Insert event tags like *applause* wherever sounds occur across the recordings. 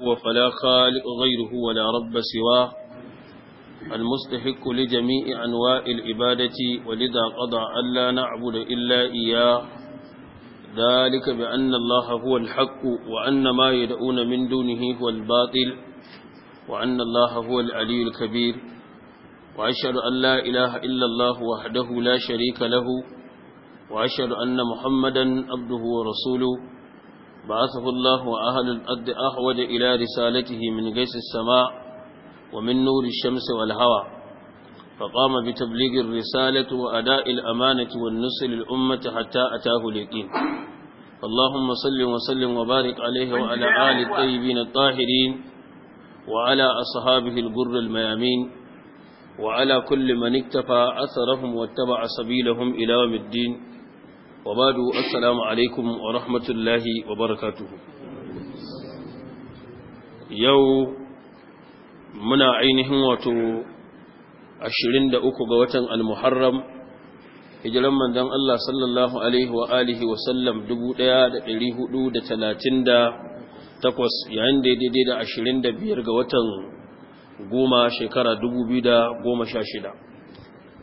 هو فلا خالق غيره ولا رب سواه المستحق لجميع أنواع العبادة ولذا قضى ألا نعبد إلا إياه ذلك بأن الله هو الحق وأن ما يدعون من دونه هو الباطل وأن الله هو العلي الكبير وأشهد أن لا إله إلا الله وحده لا شريك له وأشهد أن محمدا عبده ورسوله بعثه الله وأهل الأرض أحوج إلى رسالته من غيث السماء ومن نور الشمس والهوى فقام بتبليغ الرسالة وأداء الأمانة والنصر للأمة حتى أتاه اليقين اللهم صل وسلم وبارك عليه وعلى آل الطيبين الطاهرين وعلى أصحابه الغر الميامين وعلى كل من اكتفى أثرهم واتبع سبيلهم إلى يوم الدين وبعد السلام عليكم ورحمة الله وبركاته يو منا عينهم وتو أشرين دأوكو قوتا المحرم hijiran manzon Allah sallallahu alaihi wa alihi wa sallam 1438 yayin da daidai da biyar ga watan goma shekara dubu da goma sha shida.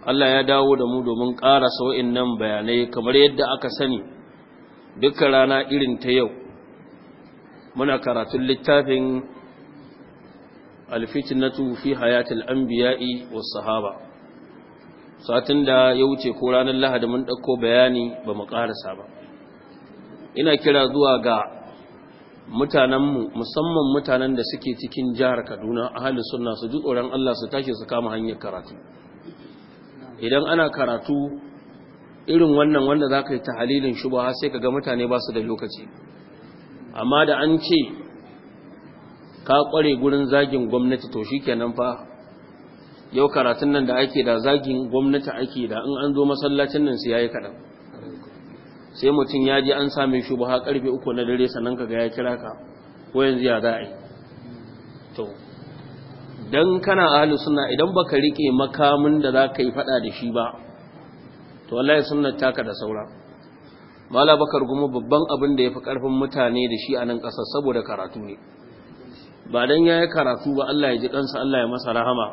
Allah ya dawo da mu domin ƙara sau'in nan bayanai kamar yadda aka sani dukkan rana irin ta yau muna karatun littafin na tufi hayatul anbiya'i wa sahaba satin da ya wuce ko ranar lahadi mun ɗauko bayani ba mu ƙarasa ba ina kira zuwa ga mutanenmu musamman mutanen da suke cikin jihar kaduna a halin sunna su ji tsoron allah su tashi su kama hanyar karatu idan ana karatu irin wannan wanda za ka yi ta halilin shubaha sai ka ga mutane ba su da lokaci amma da an ce ka kware gurin zagin gwamnati to shi kenan fa yau karatun nan da ake da zagin gwamnati ake da in an zo masallacin nan ya yayi kaɗan sai mutum ya ji an sami shubaha karfe uku na dare sannan ka ga ya kira ka ko yanzu ya za a yi to dan kana ahli sunna idan baka rike makamin da zaka yi fada da shi ba to wallahi sunnar taka da saura mala bakar gumu babban abin da ya fi karfin mutane da shi a nan ƙasa saboda karatu ne ba dan yayi karatu ba Allah ya ji ɗansa, Allah ya masa rahama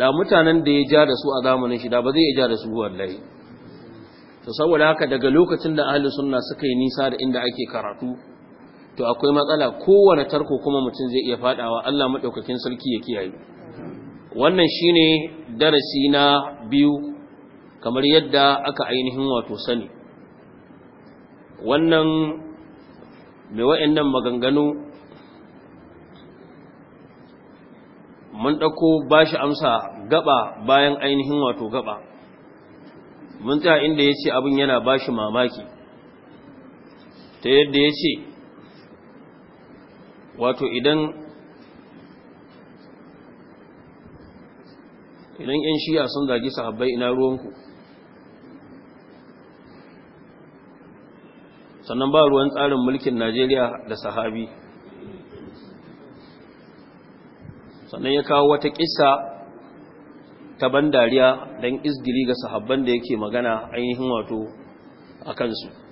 da mutanen da ya ja da su a zamanin shi da ba zai ya ja da su wallahi to saboda haka daga lokacin da ahli sunna suka yi nisa da inda ake karatu to akwai matsala kowane tarko kuma mutum zai iya fadawa Allah madaukakin sarki ya kiyaye wannan shine darasi na biyu kamar yadda aka ainihin wato sani wannan mai wa'annan maganganu mun ɗauko ba amsa gaba bayan ainihin wato gaba mun tsaya inda ya ce abin yana bashi mamaki ta yadda ya ce wato idan idan yan shi'a sun zagi sahabbai ina ruwanku sannan ba ruwan tsarin mulkin najeriya da sahabi sannan ya kawo wata kisa ta ban dariya don isgiri ga sahabban da yake magana ainihin wato a kansu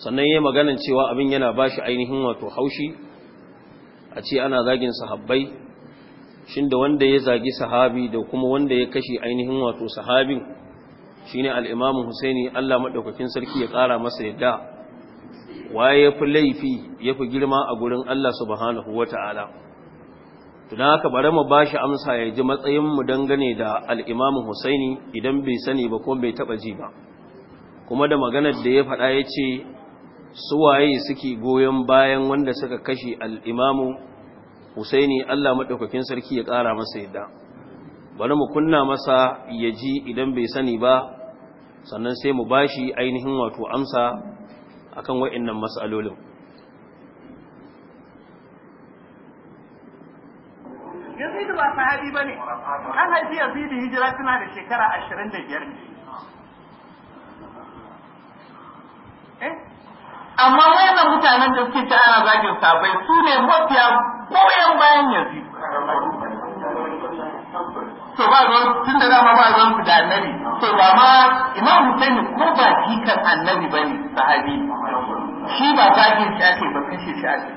sannan ya maganan cewa abin yana ba shi ainihin wato haushi a ce ana zagin sahabbai shin da wanda ya zagi sahabi da kuma wanda ya kashe ainihin wato sahabin shi ne al’imamun Husaini Allah maɗaukakin sarki ya ƙara masa yadda waye fi laifi ya fi girma a gurin Allah subhanahu ta'ala tuna haka bare mu bashi amsa ya ji matsayin mu dangane da al Husaini idan bai sani ba ko bai taɓa ji ba kuma da maganar da ya faɗa ya ce. suwaye suke goyon bayan wanda suka kashe al'imamu husaini Allah maɗaukakin sarki ya ƙara masa yadda bari mu kunna masa ya ji idan bai sani ba sannan sai mu bashi ainihin wato amsa kan wa'innan matsalolin yazidu ba sahabi ba ne an haifi yazidu hijira suna da shekara ashirin da biyar ne eh? amma wannan mutanen da suke ta ana zagin sabai su ne mafiya goyon bayan yanzu So ba ruwan tun da dama ba zan su da annabi So ba ma mutum ne ko ba jikan annabi ba ne sahabi shi ba zagin shi ake ba kashe shi ake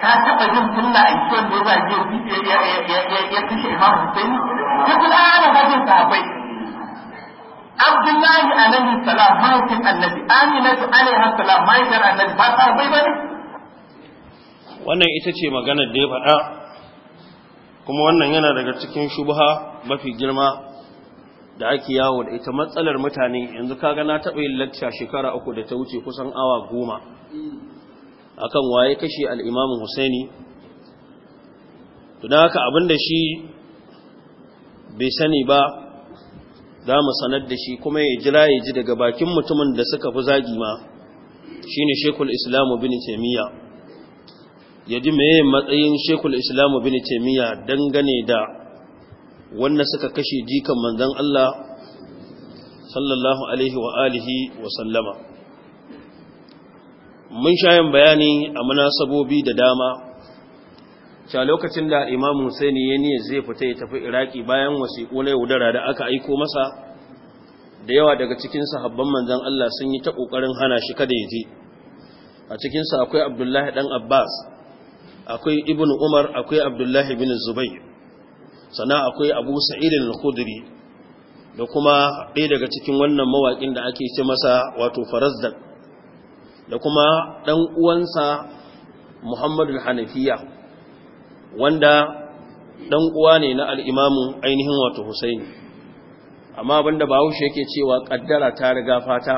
ka taɓa jin sunna a kiwon da zagin zage ya kashe imam husaini Ya kula ana zagin sahabai Abdullahi alaihi salam mahaifin annabi, Aminatu alaihi salam mahaifin annabi ba sa bai bane. Wannan ita ce maganar da ya faɗa kuma wannan yana daga cikin shubha mafi girma da ake yawo da ita matsalar mutane yanzu kaga na taɓa yin lacca shekara uku da ta wuce kusan awa goma akan waye kashe al'imamin husaini to da haka da shi bai sani ba za mu sanar da shi kuma ya jira ya ji daga bakin mutumin da suka fi zagi ma Shi ne shekul islamu bin taimiyya ya ji mai matsayin shekul islamu bin taimiyya dangane da wannan suka kashe jikan manzan Allah sallallahu alaihi wa alihi wa sallama mun shayin bayani a munasabobi da dama cewa lokacin da imam husaini ya niyar zai fita ya tafi iraki bayan wasiƙu na yaudara da aka aiko masa da yawa daga cikin sahabban manzan Allah sun yi ta ƙoƙarin hana shi kada ya je a cikinsu akwai abdullahi ɗan abbas akwai ibn umar akwai abdullahi bin zubair sana akwai abu sa'idin al-khudri da kuma ɗaya daga cikin wannan mawaƙin da ake ce masa wato farazdak da kuma ɗan uwansa muhammadu hanafiya wanda dan uwa ne na al'imamin ainihin wato Husaini amma abinda Bahaushe yake cewa kaddara ta riga fata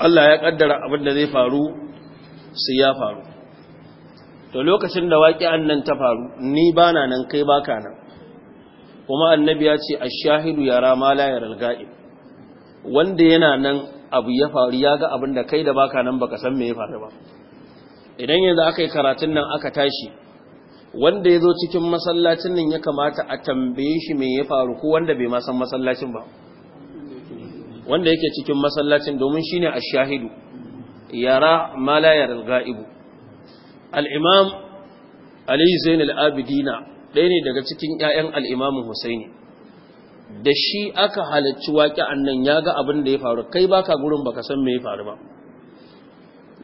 Allah ya kaddara abinda zai faru sai ya faru to lokacin da waki annan ta faru ni bana nan kai baka nan kuma annabi ya ce a shahidu yara ma la yaral ga'ib wanda yana nan abu ya faru ya ga abinda kai da baka nan baka san me ya faru ba idan yanzu aka yi karatun nan aka tashi wanda ya zo cikin masallacin nan ya kamata a tambaye shi mai ya faru ko wanda bai ma san masallacin ba wanda yake cikin masallacin domin shi ne a shahidu yara malayar ga'ibu al'imam Aliyu zain Abidina ɗaya ne daga cikin ‘ya'yan al'imamin husaini da shi aka halarci waƙi annan ya ga abin da ya faru kai baka gurin baka san me ya faru ba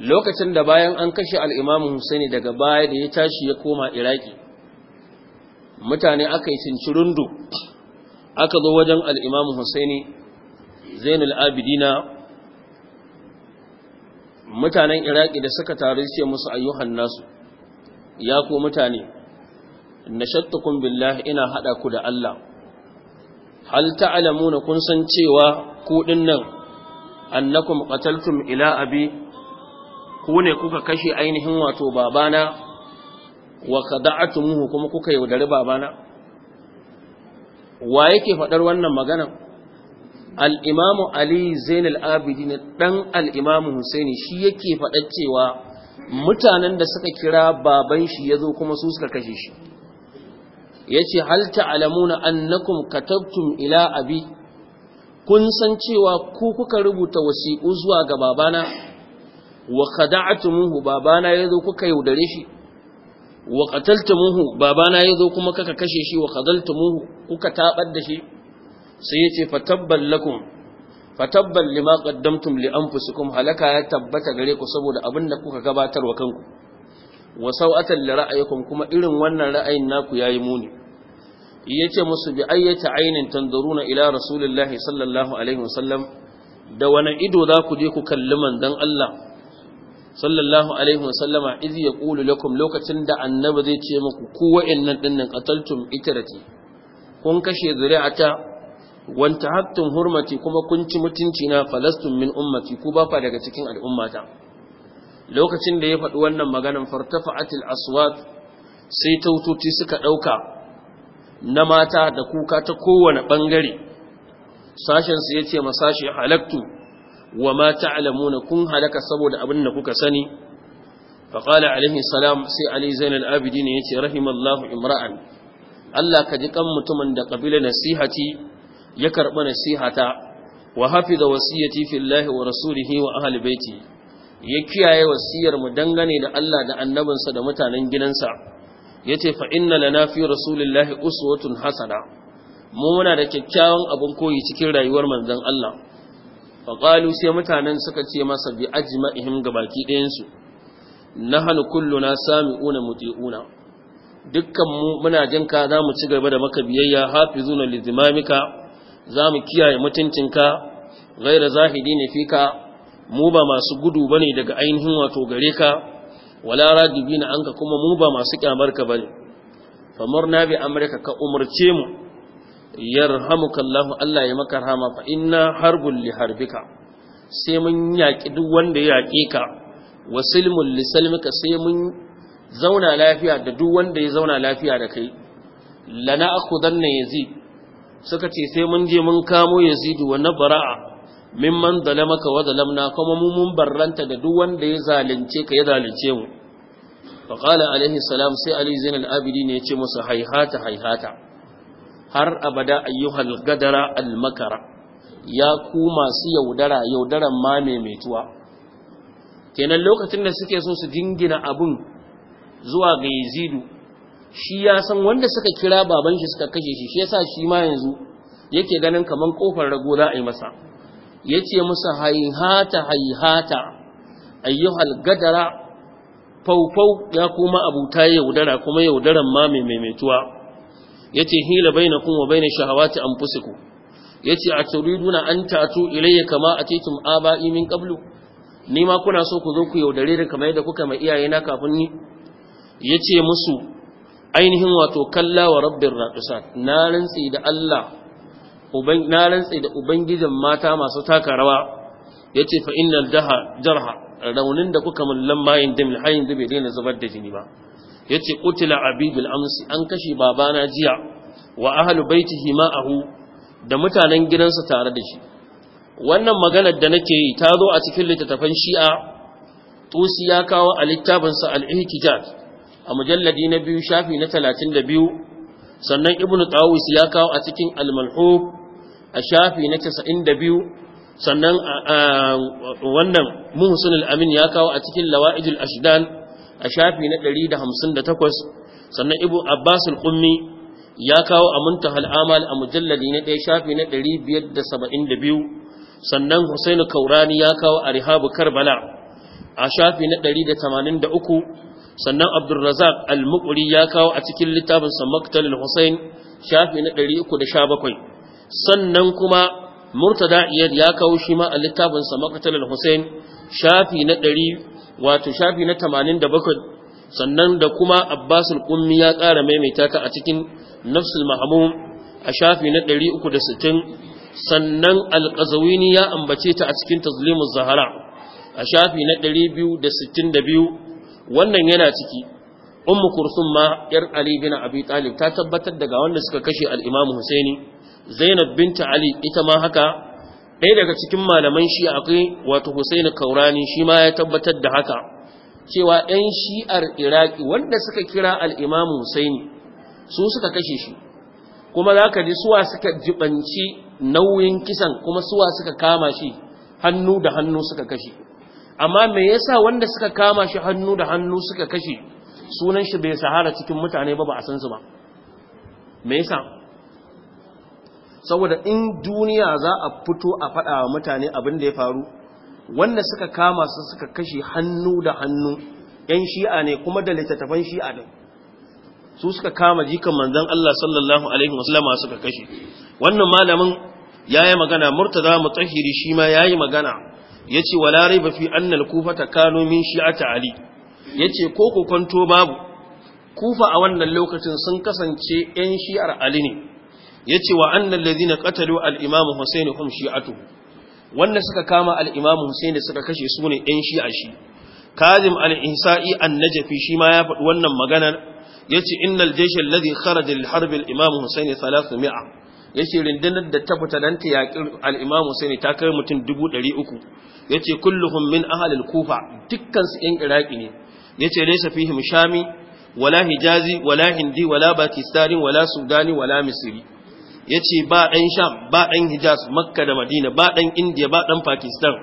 lokacin da bayan an kashe al'imamu Husaini daga baya da ya tashi ya koma Iraki, mutane aka yi cincirundu aka zo wajen al'imamu Husaini Zainul Abidina mutanen Iraki da suka taru ce musu ayyuhan nasu, ya ku mutane, na shattukun billahi ina haɗa ku da Allah, hal ta'alamu na kun san cewa kuɗin nan annakum qataltum ila abi ku ne kuka kashe ainihin wato babana wa muhu kuma kuka yaudari babana wa yake faɗar wannan magana al-imam ali zainul abidin dan al-imam husaini shi yake faɗar cewa mutanen da suka kira baban shi yazo kuma su suka kashe shi yace hal ta'lamuna annakum katabtum ila abi kun san cewa ku kuka rubuta wasiƙu zuwa ga babana wa khada'tumuhu babana yazo kuka yaudare shi wa qataltumuhu babana yazo kuma kaka kashe shi wa khadaltumuhu kuka tabar da shi sai yace fatabban lakum fatabban lima qaddamtum li anfusikum halaka ya tabbata gare ku saboda abin da kuka gabatar wa kanku wa sau'atan li ra'ayikum kuma irin wannan ra'ayin naku yayi muni yace musu bi ayyata ainin tanzuruna ila rasulillahi sallallahu alaihi wasallam da wani ido za ku je ku kalli manzon Allah sallallahu alaihi wasallama idh yaqulu lakum lokacin da annabi zai ce muku ku wa'annan dinnan qataltum itrati kun kashe zuri'ata wanta hattum hurmati kuma kun ci mutunci na falastum min ummati ku ba fa daga cikin al'ummata lokacin da ya faɗi wannan maganan fartafa'atil aswat sai tautoci suka ɗauka na mata da kuka ta kowane ɓangare sashensu ya ce masashi halaktu wa ma ta'lamuna kun halaka saboda abin da kuka sani fa qala alaihi salam sai ali zainal abidin yace rahimallahu imra'an Allah ka ji kan mutumin da kabila nasihati ya karba nasihata wa hafiza wasiyati fillahi wa rasulihi wa ahli baiti ya kiyaye wasiyar mu dangane da Allah da annabinsa da mutanen gidansa yace fa inna lana fi rasulillahi uswatun hasana mu muna da kyakkyawan abin koyi cikin rayuwar manzon Allah faƙalu sai mutanen suka ce masa bi ajma'ihim ga baki ɗayansu na hannu kulluna sami'una muti'una dukkan mu muna jinka za mu ci gaba da maka biyayya na lizimamika za mu kiyaye mutuncinka gaira zahidi ne fika mu ba masu gudu bane daga ainihin wato gare ka wala na anka kuma mu ba masu kyamar ka bane famurna bi amrika ka umarce mu yarhamukallahu Allah ya maka rahama fa inna harbul li harbika sai mun yaki duk wanda ya yake ka wasilmul li salmika sai mun zauna lafiya da duk wanda ya zauna lafiya da kai lana akhudanna yazid suka ce sai mun je mun kamo yazid wa nabara'a mimman zalamaka wa zalamna kuma mu mun barranta da duk wanda ya zalunce ka ya zalunce mu fa qala alaihi salam sai ali zainal abidin ya ce musu haihata haihata har abada ayyuhal gadara almakara ya ku masu yaudara yaudaran ma maimaituwa kenan lokacin da suke so su jingina abun zuwa ga yazidu shi ya san wanda suka kira baban shi suka kashe shi shi yasa shi ma yanzu yake ganin kaman kofar rago za a yi masa yace musa hayhata hayhata ayyuhal gadara faufau ya kuma abuta yaudara kuma yaudaran ma maimaituwa yace hila bainakum wa bainash shahawati anfusikum yace a turiduna an tatu ilayya kama atitum aba'i min qablu nima kuna so ku zo ku yaudare da kamar yadda kuka mai iyaye na kafin ni yace musu ainihin wato kalla wa rabbir raqisat na rantsi da Allah uban na rantsi da ubangijin mata masu taka rawa yace fa innal daha jarha raunin da kuka mallan mayin dimil hayin dibe bai daina zubar da jini ba yace qutila abidul amsi an kashe babana jiya wa ahlu baitihi ma'ahu da mutanen gidansa tare da shi wannan maganar da nake yi ta zo a cikin littattafan shi'a tusi ya kawo a littafinsa al-ihtijaj a mujalladi na biyu shafi na 32 sannan ibnu tawus ya kawo a cikin al-malhub a shafi na 92 sannan wannan muhsin al-amin ya kawo a cikin lawaijul ashdan a shafi na 158 sannan ibu abbas al-qummi ya kawo a muntahal amal a mujalladi na ɗaya shafi na 572 sannan husain kaurani ya kawo a rihabu karbala a shafi na 183 sannan abdurrazak al-muqri ya kawo a cikin littafin samaktal al-husain shafi na 317 sannan kuma murtada iyad ya kawo shi ma a littafin samaktal al-husain shafi na 100 wato shafi na 87 sannan da kuma abbasul kummi ya ƙara maimaita ta a cikin nafsul mahamun a shafi na 360 sannan alƙazawini ya ambace ta a cikin tazlimus zahara a shafi na 262 wannan yana ciki ummu kursun ma yar ali bin abi talib ta tabbatar daga wanda suka kashe al husaini zainab binta ali ita ma haka ɗaya daga cikin malaman shi akwai wato Husaini Kaurani shi ma ya tabbatar da haka cewa ɗan shi'ar Iraki wanda suka kira al-Imam su suka kashe shi kuma za ka ji suwa suka jibanci nauyin kisan kuma suwa suka kama shi hannu da hannu suka kashe amma me yasa wanda suka kama shi hannu da hannu suka kashe sunan shi bai sahara cikin mutane ba ba a san su ba me yasa saboda in duniya za a fito a faɗa wa mutane abin da ya faru wanda suka kama su suka kashe hannu da hannu ‘yan shi'a ne kuma da littattafan shi'a ne su suka kama jikan manzan Allah sallallahu Alaihi wasallama suka kashe wannan malamin ya yi magana mu tsahiri shi ma ya yi magana ya ce wa ba fi annal kufa ta kano min ali ya ce ko kokonto babu kufa a wannan lokacin sun kasance ‘yan shi'ar ali ne yace wa annal ladina qatalu al-imam Hussein hum shi'atu wanda suka kama al-imam suka kashe su ne ɗan shi'a shi Kazim al-Ihsa'i an shima shi ma ya faɗi wannan maganar yace innal jaysh alladhi kharaja harbin harb al Salasu Mi'a. Ya yace rindinar da ta fita danta ta yaki al-imam ta kai mutum 300 yace kulluhum min ahli kufa dukkan su Iraki ne yace laysa fihim shami wala hijazi wala hindi wala pakistani wala sudani wala Misiri. ya ce ba ɗan sham ba ɗan hijaz makka da madina ba ɗan indiya ba ɗan pakistan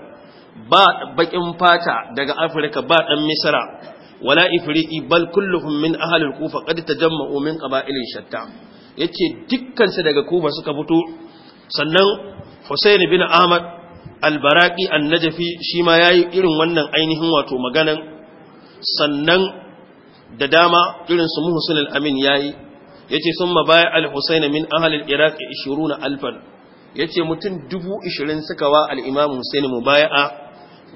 ba baƙin fata daga afirka ba ɗan misra wala ifriqi bal kulluhum min ahli kufa qad tajamma'u min qaba'ilin shatta yace dukkan su daga kufa suka fito sannan Husayn bin Ahmad al-Baraqi an najafi shi ma yayi irin wannan ainihin wato maganan sannan da dama irin su Muhsin al-Amin yayi yace summa baya al-husayn min ahli al-iraq 20 alfan yace mutum 20,000 suka wa al-imam husayn mubaya'a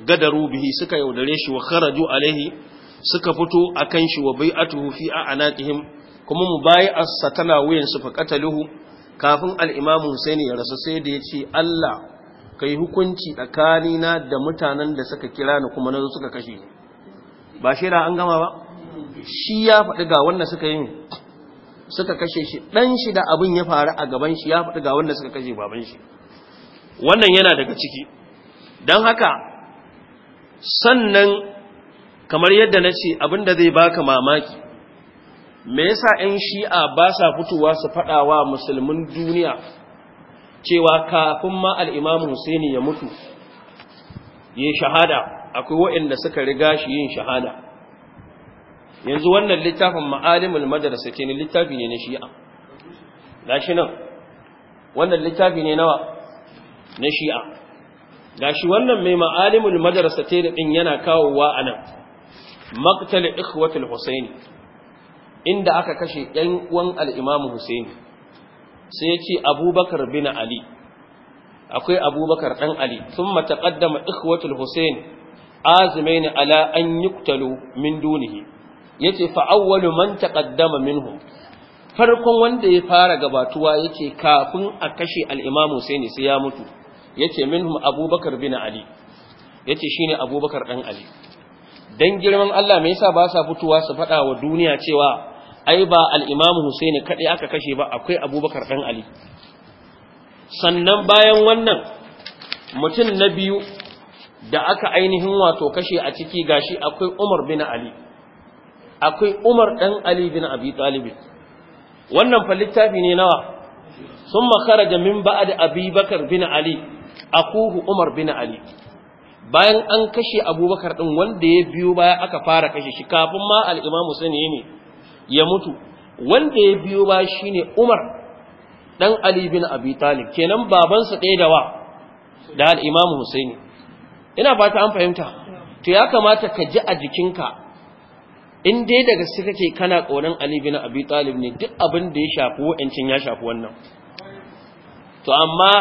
gadaru bihi suka yaudare shi wa kharaju alaihi suka fito akan shi wa bai'atuhu fi a'naqihim kuma a satana wuyan su luhu kafin al-imam ya rasu sai da ya ce Allah kai hukunci tsakanina da mutanen da suka kira ni kuma nazo suka kashe Ba ba shira an gama ba shi ya faɗi ga wannan suka yi suka kashe shi dan shi da abin ya faru a gaban shi ya fita ga wanda suka kashe baban shi wannan yana daga ciki dan haka sannan kamar yadda na ce abin da zai baka mamaki me yasa 'yan shi'a ba sa fitowa su faɗawa musulmin duniya cewa kafin ma al al'imamu husaini ya mutu Ya shahada akwai waɗanda suka riga shi yin shahada yanzu wannan littafin ma'alimul madrasa kenan littafi ne na shi'a gashi nan wannan littafi ne nawa na shi'a gashi wannan mai ma'alimul madrasa ta din yana kawowa anan maqtal ikhwatul husaini inda aka kashe ɗan uwan al-imamu husaini sai ya ce abubakar bin ali akwai abubakar ɗan ali thumma taqaddama ikhwatul husaini azimaini ala an yuqtalu min dunihi yace fa awwalu man taqaddama minhum farkon wanda ya fara gabatuwa yace kafin a kashe al-Imam Husaini sai ya mutu yace minhum Abubakar bin Ali yace shine Abubakar dan Ali dan girman Allah me yasa ba sa fituwa su fada wa duniya cewa ai ba al-Imam Husaini kadai aka kashe ba akwai Abubakar dan Ali sannan bayan wannan mutum na biyu da aka ainihin wato kashe a ciki gashi akwai Umar bin Ali akwai Umar dan Ali bin Abi Talib wannan fa littafi ne nawa sun kharaja min ba'd Abi Bakar bin Ali akuhu Umar bin Ali bayan an kashe Abubakar din wanda ya biyo baya aka fara kashe shi kafin ma al-Imam ne ya mutu wanda ya biyo baya shine Umar dan Ali bin Abi Talib kenan babansa ɗaya da da al-Imam Husaini ina fata an fahimta to ya kamata ka ji a jikinka in dai da gaske kake kana ƙaunar Ali bin Abi Talib ne duk abin da ya shafi wa'ancin ya shafi wannan to amma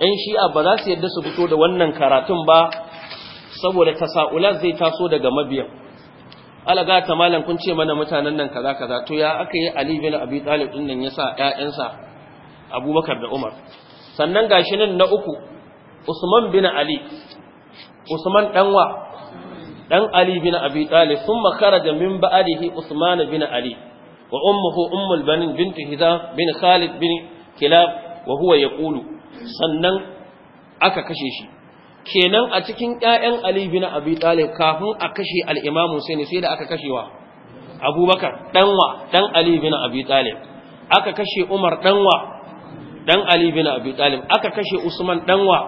ɗan shi'a ba za su yadda su fito da wannan karatun ba saboda tasa'ula zai taso daga mabiyan alaga ta malam kun ce mana mutanen nan kaza kaza to ya aka yi Ali bin Abi Talib din nan yasa 'ya'yansa Abubakar da Umar sannan gashi nan na uku Usman bin Ali Usman danwa dan Ali bin Abi Talib thumma kharaja min ba'dihi Usman bin Ali wa ummuhu ummul banin bint Hizam bin Khalid bin Kilab wa huwa yaqulu sannan aka kashe shi kenan a cikin ƴaƴan Ali bin Abi Talib kafin a kashe al-Imam Hussein sai da aka kashewa Abubakar Dan wa dan Ali bin Abi Talib aka kashe Umar Dan wa dan Ali bin Abi Talib aka kashe Usman Dan wa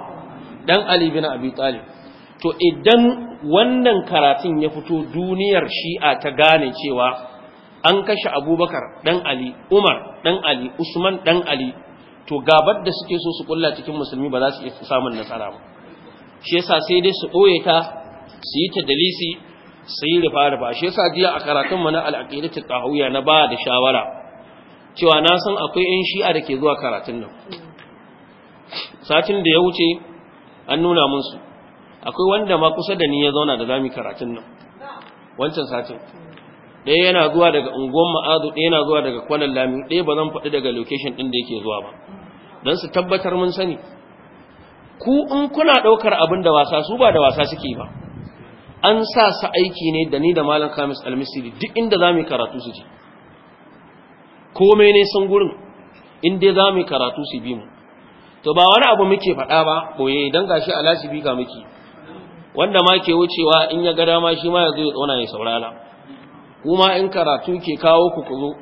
dan Ali bin Abi Talib to idan wannan karatun ya fito duniyar shi'a ta gane cewa an kashe abubakar dan ali umar dan ali usman dan ali to gabar da suke so su kulla cikin musulmi ba za su iya samun nasara ba shi yasa sai dai su ɓoye ta su yi ta dalisi su yi rufa rufa shi yasa jiya a karatun mana al'aqidatu qahawiya na ba da shawara cewa na san akwai yan shi'a da ke zuwa karatun nan satin da ya wuce an nuna munsu. akwai wanda ma kusa da ni ya zauna da zami karatun nan wancan satin ɗaya yana zuwa daga unguwan ma'azu ɗaya yana zuwa daga kwanan lami ɗaya ba zan faɗi daga location ɗin da yake zuwa ba don su tabbatar mun sani ku in kuna ɗaukar abin da wasa su ba da wasa suke ba an sa su aiki ne da ni da malam kamis almisiri duk inda za mu karatu su ji komai ne sun gurin inda za mu karatu su bi mu to ba wani abu muke faɗa ba ɓoye don gashi alasi lasibi ga muke wanda ma ke wucewa in ya ga dama shi ma ya zo ya tsona ya saurara kuma in karatu ke kawo ku kuzo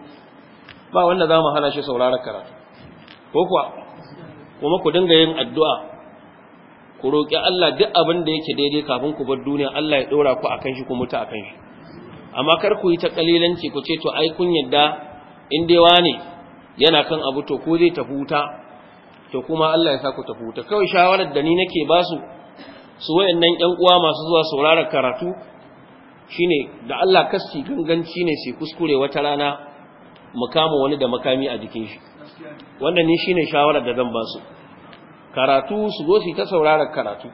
ba wanda za mu hana shi saurara karatu ko kuwa kuma ku dinga yin addu'a ku roƙi Allah duk abin da yake daidai kafin ku bar duniya Allah ya ɗora ku akan shi ku mutu akan shi amma kar ku yi ta kalilanci ku ce to ai kun yadda in dai wani yana kan abu to ko zai tafi wuta to kuma Allah ya sa ku tafi wuta kawai shawarar da ni nake basu su wayannan ƴan uwa masu zuwa sauraron karatu shine da Allah kasti ganganci ne sai kuskure wata rana mu kama wani da makami a jikin shi wannan ne shine shawarar da zan ba su karatu su zo su ta sauraron karatu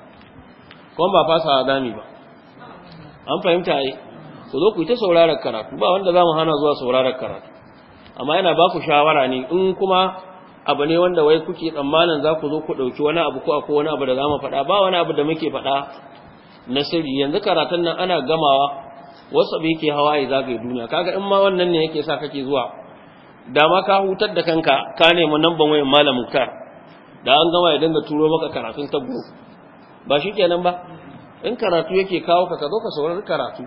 kuma ba fasa adami ba an fahimta ai ku zo ku ta sauraron karatu ba wanda zamu hana zuwa sauraron karatu amma yana ba ku shawara ne in kuma abu ne wanda wai kuke tsammanin za ku zo ku ɗauki wani abu ko akwai wani abu da za mu faɗa ba wani abu da muke faɗa na sirri yanzu karatun nan ana gamawa wasu abu yake hawa ya zagaye duniya kaga in ma wannan ne yake sa kake zuwa da ma ka hutar da kanka ka nemi namban wayan malam ka da an gama ya dinga turo maka karatun ta ba shi kenan ba in karatu yake kawo ka ka zo ka saurari karatu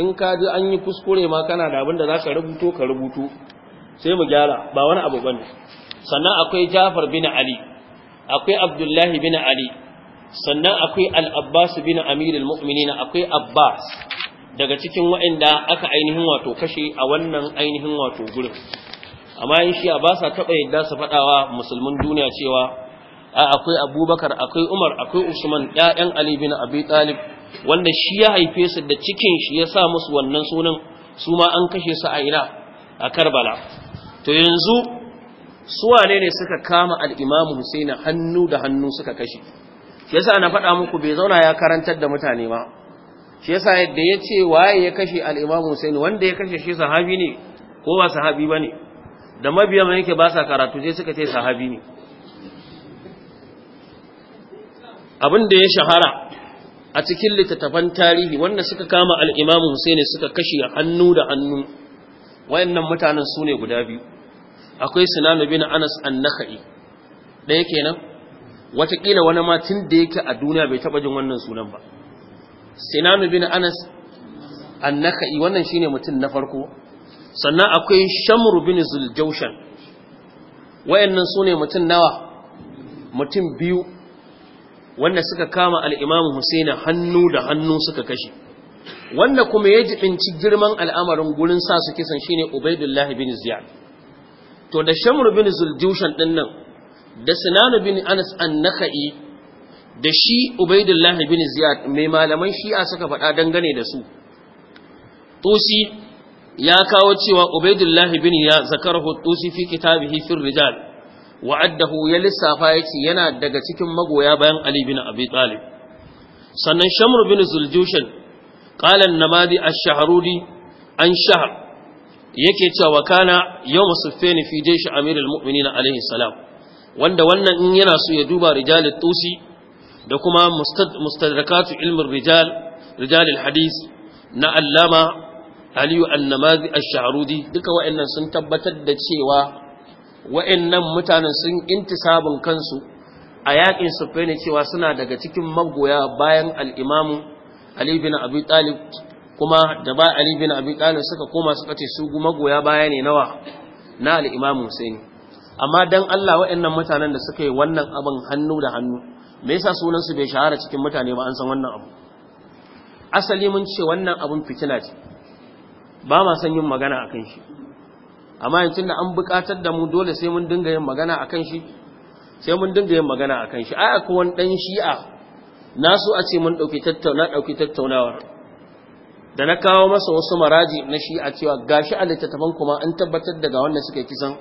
in ka ji an yi kuskure ma kana da abin da za ka rubuto ka rubuto sai mu gyara ba wani abu bane sannan akwai Jafar bin Ali akwai Abdullahi bin Ali sannan akwai Al-Abbas bin al Mu'minin akwai Abbas daga cikin waɗanda aka ainihin wato kashe a wannan ainihin wato gurin amma in shi ba sa taɓa yadda su faɗawa musulmin duniya cewa a akwai abubakar akwai umar akwai usman ƴaƴan ali bin abi talib wanda shi ya haife su da cikin shi ya sa musu wannan sunan su ma an kashe su a ina a karbala to yanzu suwa ne suka kama al'imamu Husaini hannu da hannu suka kashe shi yasa na faɗa muku bai zauna ya karantar da mutane ba shi yasa yadda ya ce waye ya kashe al'imamu Husaini wanda ya kashe shi sahabi ne ko ba sahabi ba ne da mabiya mai yake ba sa karatu sai suka ce sahabi ne abin da ya shahara a cikin littattafan tarihi wanda suka kama al'imamu Husaini suka kashe hannu da hannu wayannan mutanen su ne guda biyu akwai sinanu bin anas annaka'i ɗaya kenan watakila wani ma tun da yake a duniya bai taɓa jin wannan sunan ba sinanu bin anas annaka'i wannan shine mutum na farko sannan akwai shamru bin zuljaushan wayannan su ne mutum nawa mutum biyu wanda suka kama al'imamu husaina hannu da hannu suka kashe wanda kuma ya jibinci girman al'amarin gurin sa su kisan shine ubaidullahi bin ziyad to da shamru bin zuljushan din nan da sinanu bin anas An-Naka'i, da shi ubaidullahi bin ziyad mai malaman shi'a suka faɗa dangane da su tusi ya kawo cewa ubaidullahi bin ya zakarahu tusi fi kitabihi fil rijal wa addahu ya lissafa yace yana daga cikin magoya bayan ali bin abi talib sannan shamru bin zuljushan qala an-namadi ash-shahrudi an shahr yake cewa kana Musu feni fi shi amirul na alaihi salam wanda wannan in yana so ya duba rijalit tusi da kuma mustadrakatu ilmin rijal rijalil hadis na allama aliyu annamazi ash-sha'rudi duka wa'annan sun tabbatar da cewa wa'annan mutanen sun intisabun kansu a yakin sufaini cewa suna daga cikin magoya bayan al-imamu ali bin abi talib kuma da ba Ali bin Abi Talib suka koma suka ce su magoya baya ne nawa na al-Imam Hussein, amma dan Allah waɗannan mutanen da suka yi wannan abin hannu da hannu me yasa sunan su bai shahara cikin mutane ba an san wannan abu asali mun ce wannan abun fitina ce ba ma san yin magana akan shi amma yanzu da an buƙatar da mu dole sai mun dinga yin magana akan shi sai mun dinga yin magana akan shi ai akwai wani dan shi'a nasu a ce mun dauki tattauna dauki tattaunawar da na kawo masa wasu maraji na shi a cewa gashi a littattafan kuma an tabbatar daga wannan suka kisan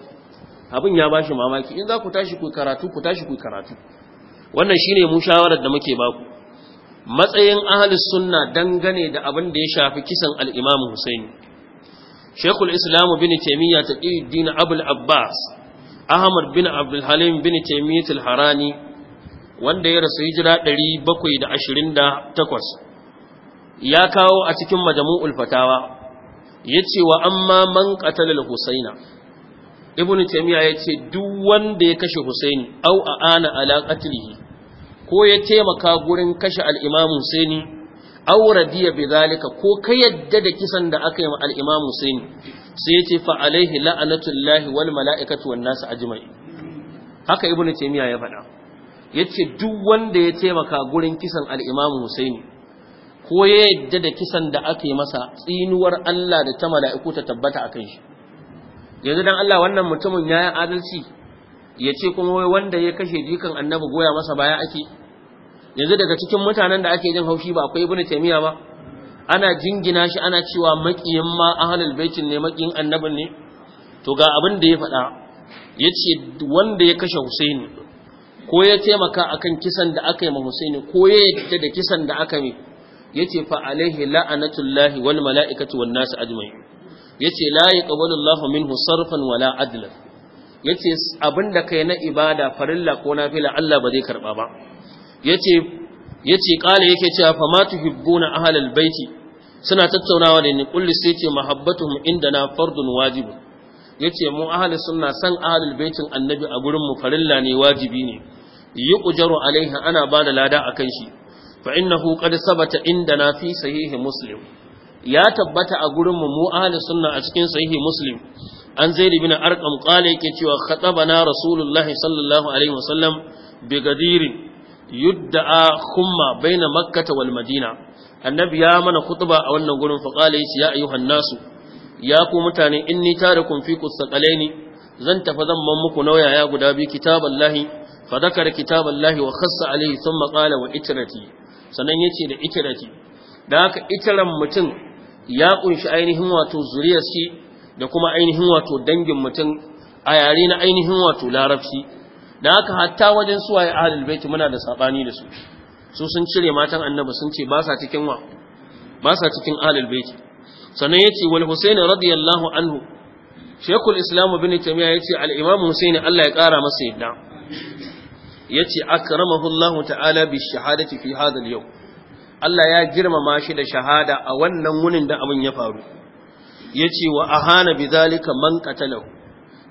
abin ya bashi mamaki in za ku tashi ku karatu ku tashi ku karatu wannan shine mu shawarar da muke baku matsayin ahlus sunna dangane da abin da ya shafi kisan al-Imam Husaini Sheikhul Islam bin Taymiyyah Taqiyuddin Abul Abbas Ahmad bin Abdul Halim bin Taymiyyah harani wanda ya rasu hijira 728 ya kawo a cikin majamu'ul fatawa yace wa amma man qatala al-husaina ibnu taymiya yace duk wanda ya kashe husaini au aana ala qatlihi ko ya taimaka gurin kashe al-imam husaini aw radiya zalika ko kai yadda da kisan da aka yi ma al-imam husaini sai yace fa alaihi la'anatullahi wal mala'ikatu wan nas ajma'in haka ibnu taymiya ya faɗa yace duk wanda ya taimaka gurin kisan al-imam husaini ko ya yadda da kisan da aka yi masa tsinuwar Allah da ta mala'iku ta tabbata a kan shi yanzu dan Allah wannan mutumin ya yi adalci ya ce kuma wai wanda ya kashe jikan annabi goya masa baya ake yanzu daga cikin mutanen da ake jin haushi ba akwai ibnu taimiyya ba ana jingina shi ana cewa makiyin ma ahlul baitin ne makiyin annabin ne to ga abin da ya faɗa ya ce wanda ya kashe Husaini ko ya taimaka akan kisan da aka yi ma Husaini ko ya yadda da kisan da aka yi yace fa alaihi la'anatullahi wal mala'ikatu wan nas ajma'in yace la yaqbalu Allahu minhu sarfan wala adlan yace abinda kai na ibada farilla ko nafila Allah ba zai karba ba yace yace kala yake cewa fa ma tuhibbuna ahlal baiti suna tattaunawa da ni kulli sai ce mahabbatuhum indana fardun wajibu yace mu ahlus sunna san ahlul baitin annabi a gurin mu farilla ne wajibi ne yuqjaru alaiha ana bada lada akan shi fa innahu qad sabata indana fi sahihi muslim ya tabbata a gurin mu mu ahli sunna a cikin sahihi muslim an zaid ibn arqam qala ke cewa khatabana rasulullahi sallallahu alaihi wasallam bi gadirin yudda'a khumma baina makkata walmadina madina annabi ya mana khutba a wannan gurin fa qala yace ya ayyuhan nasu ya ku mutane inni tarakum fi kusaqalaini zan tafi zan man muku nauyaya guda bi kitaballahi fa dhakara kitaballahi wa khassa alaihi sun qala wa itrati sannan yace da ikirati dan haka ikiran mutum ya kunshi ainihin wato zuriyar shi da kuma ainihin wato dangin mutum a yare na ainihin wato larabci da haka hatta wajen ya ahlul baiti muna da sabani da su su sun cire matan annabi sun ce ba sa cikin wa ba sa cikin ahlul baiti sannan yace wal husaini radiyallahu anhu shaykhul islam ibn tamiya yace al imam husaini Allah ya kara masa yadda yace akramahu Allah ta'ala bi shahadati fi hadha al-yawm Allah ya girmama shi da shahada a wannan wunin da abin ya faru yace wa ahana zalika man qatalahu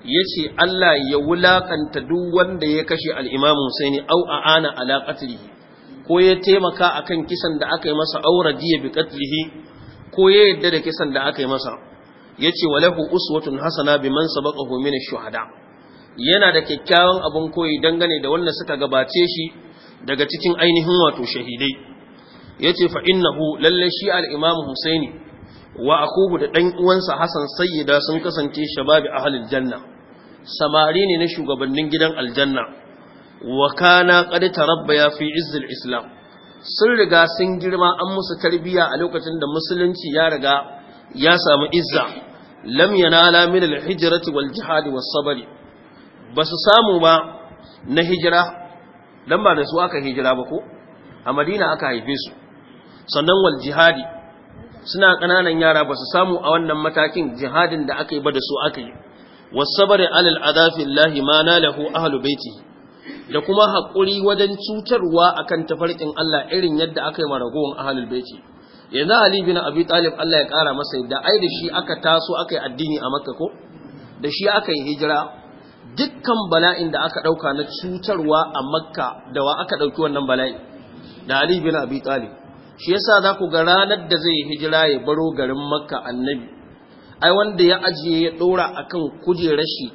yace Allah ya wulakanta duk wanda ya kashe al-Imam Husaini au aana ala qatlihi ko ya taimaka akan kisan da aka yi masa auradiya bi qatlihi ko ya yarda da kisan da aka yi masa yace walahu uswatun hasana man sabaqahu min ash-shuhada' yana da kyakkyawan abin koyi dangane da wanda suka gabace shi daga cikin ainihin wato shahidai yace fa innahu lalle shi al-imam husaini wa akuhu da dan uwansa Hassan sayyida sun kasance shababi ahlul janna samari ne na shugabannin gidan aljanna wa kana qad tarabbaya fi izzil islam sun riga sun girma an musu tarbiya a lokacin da musulunci ya riga ya samu izza lam yanala min al-hijrati wal jihad was sabr ba su samu ba na hijira don ba da su aka hijira ba ko a madina aka haife su sannan wal jihadi suna ƙananan yara ba su samu a wannan matakin jihadin da aka yi ba da su aka yi wasabari alal adafin lahi ma na lahu ahalu baiti da kuma haƙuri wajen cutarwa akan tafarkin Allah irin yadda aka yi maragowar ahalul baiti yanzu Ali bin Abi Talib Allah ya ƙara masa yadda ai da shi aka taso aka yi addini a Makka ko da shi aka yi hijira dukkan bala'in da aka ɗauka na cutarwa a makka da wa aka ɗauki wannan bala'i da ali bin abi talib shi yasa za ku ga ranar da zai hijira ya baro garin makka annabi ai wanda ya ajiye ya ɗora akan kujerar shi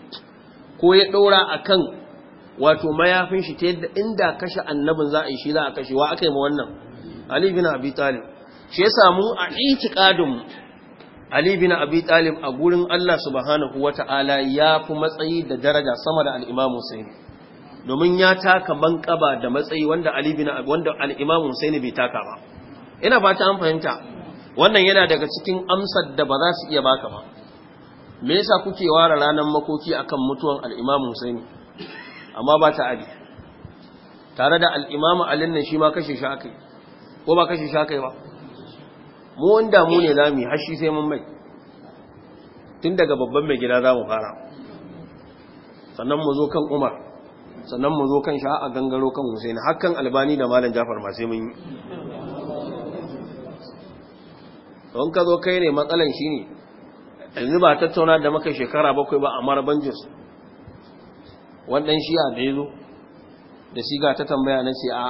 ko ya ɗora akan wato mayafin shi ta yadda inda kashe annabin za a yi shi za a kashe wa aka yi ma wannan ali bin abi talib shi yasa mu a itiqadin Ali bin Abi Talib a gurin Allah subhanahu Ta'ala, ya fi matsayi da daraja sama da al-Imam Hussein domin ya taka bankaba da matsayi wanda Ali bin wanda bai taka ba ina fata an fahimta wannan yana daga cikin amsar da ba za su iya baka ba me yasa kuke ware ranar makoki akan mutuwan al-Imam Hussein amma ba ta Ali tare da al-Imam Ali shi ma kashe shi akai ko ba kashe shi akai ba mu wanda mu ne za mu yi hashi sai mun mai tun daga babban mai gida za mu fara sannan mu zo kan umar sannan mu zo kan a gangaro kan husaini hakan albani da malam jafar ma sai mun yi don ka zo kai ne matsalan shi ne yanzu ba tattauna da maka shekara bakwai ba a maraban jins wannan shi'a da ya zo da siga ta tambaya na ce a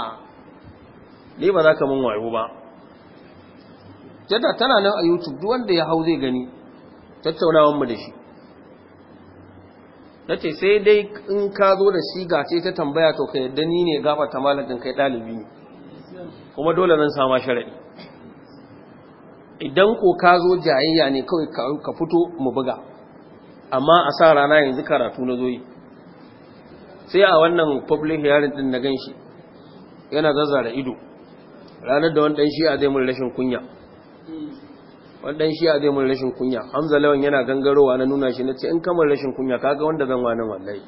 ne ba za ka mun wayo ba tana tana nan a YouTube duk wanda ya hau zai gani tattaunawar mu da shi nace sai dai in ka zo da shi ga ce ta tambaya to ka yadda ni ne gaba ta malamin kai dalibi ne kuma dole nan sama sharadi idan ko ka zo jayayya ne kawai ka fito mu buga amma a sa rana yanzu karatu na zoyi sai a wannan public hearing din na ganshi yana zazzara ido ranar da wani dan shi a zai mun rashin kunya wannan shi a zai mun rashin kunya hamza lawan yana gangarowa na nuna shi na ce in kamar rashin kunya kaga wanda zan wani wallahi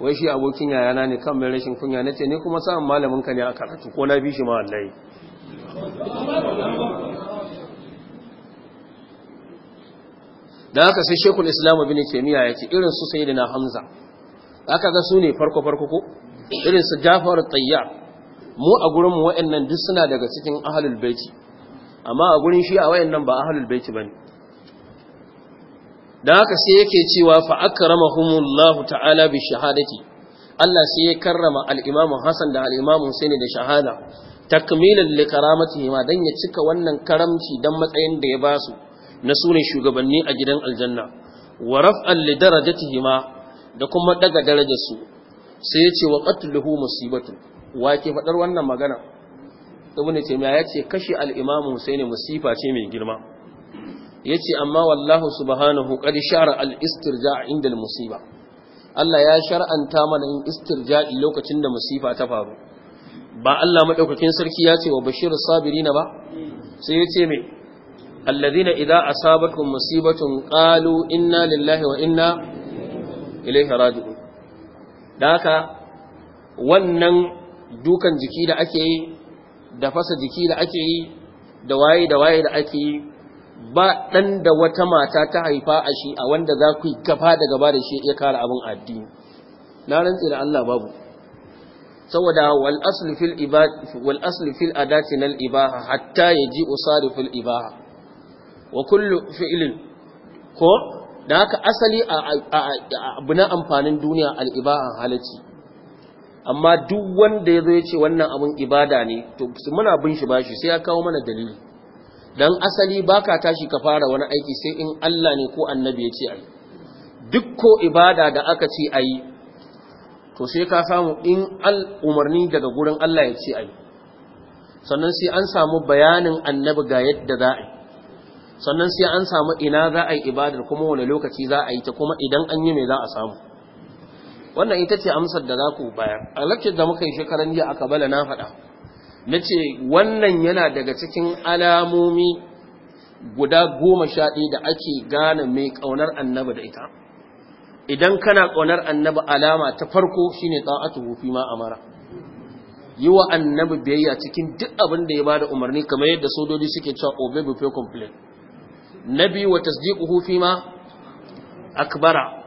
wai shi abokin yayana ne kan mai rashin kunya na ce ne kuma sa'an malamin ka ne a karatu ko na bi shi ma wallahi da aka sai shekul islamu bin miya ya ce irin su sai na hamza aka ga su ne farko-farko ko irin su jafar tsayya. mu a gurinmu waɗannan duk suna daga cikin ahalul baiti amma a gurin shi a wayan nan ba ahlul baiti bane dan haka sai yake cewa fa akramahumullahu ta'ala bi shahadati Allah sai ya karrama al-Imam Hassan da al-Imam Husaini da shahada takmilan li ma dan ya cika wannan karamci dan matsayin da ya ba su na sunan shugabanni a gidan aljanna wa raf'an li ma da kuma daga darajarsu sai ya ce wa qatluhu musibatu wa ke fadar wannan magana ibn taymiya yace kashi al-imam husaini musifa ce mai girma yace amma wallahu subhanahu qad shara al-istirja' inda al-musiba Allah ya shar'anta mana yin istirja'i lokacin da musifa ta faru ba Allah madaukakin sarki ya ce wa bashir sabirina ba sai yace me alladhina idza asabatkum musibatun qalu inna lillahi wa inna ilaihi raji'un da haka wannan dukan jiki da ake yi da fasa jiki da ake yi da waye da waye da ake yi ba ɗan da wata mata ta haifa a shi a wanda za ku yi gaba da gaba da shi ya kare abin addini na rantse da Allah babu saboda wal asli fil ibad wal fil adati nal ibaha hatta yaji fil ibaha wa kullu fi'lin ko da haka asali a abu na amfanin duniya al ibaha halacci amma duk wanda ya zo ya ce wannan abin ibada ne to muna bin shi bashi sai ya kawo mana dalili dan asali baka tashi ka fara wani aiki sai in Allah ne ko annabi ya ce ai duk ko ibada da aka ce ai to sai ka samu in al umarni daga gurin Allah ya ce ai sannan sai an samu bayanin annabi ga yadda za a sannan sai an samu ina za a yi ibadar kuma wani lokaci za a yi ta kuma idan an yi mai za a samu wannan ita ce amsar da za ku bayar a lakcin da muka yi shekaran jiya aka bala na faɗa na ce wannan yana daga cikin alamomi guda goma sha da ake gane mai ƙaunar annaba da ita idan kana ƙaunar annaba alama ta farko shine ta'atu hufi ma amara yi wa annabi biyayya cikin duk abin da ya bada umarni kamar yadda sojoji suke cewa obey before complain na biyu wa tasdiquhu hufi ma akbara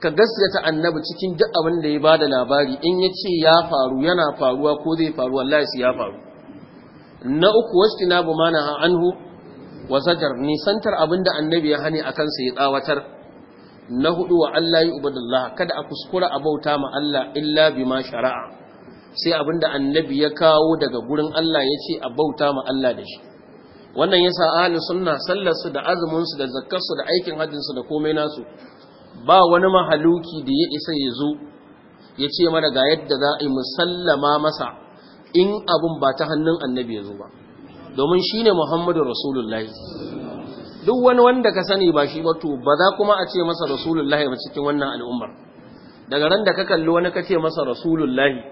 ka gaskata annabi cikin duk abin da ya ba da labari in ya ce ya faru yana faruwa ko zai faru wallahi ya faru na uku tina bu mana anhu wa nisantar abin da annabi ya hani akan sa ya tsawatar na hudu wa Allah ya ubadallah kada a kuskura a bauta ma Allah illa bi ma shari'a, sai abin da annabi ya kawo daga gurin Allah ya ce a bauta ma Allah da shi wannan yasa ahli sunna sallar da azumin su da zakkar da aikin hajjin su da komai nasu ba wani mahaluki da ya isa ya zo ya ce mana ga yadda za a yi musallama masa in abin ba ta hannun annabi ya zo ba domin shi ne muhammadu rasulullahi duk wani wanda ka sani ba shi wato ba za kuma a ce masa rasulullahi ba cikin wannan al'ummar daga ran da ka kalli wani ka ce masa rasulullahi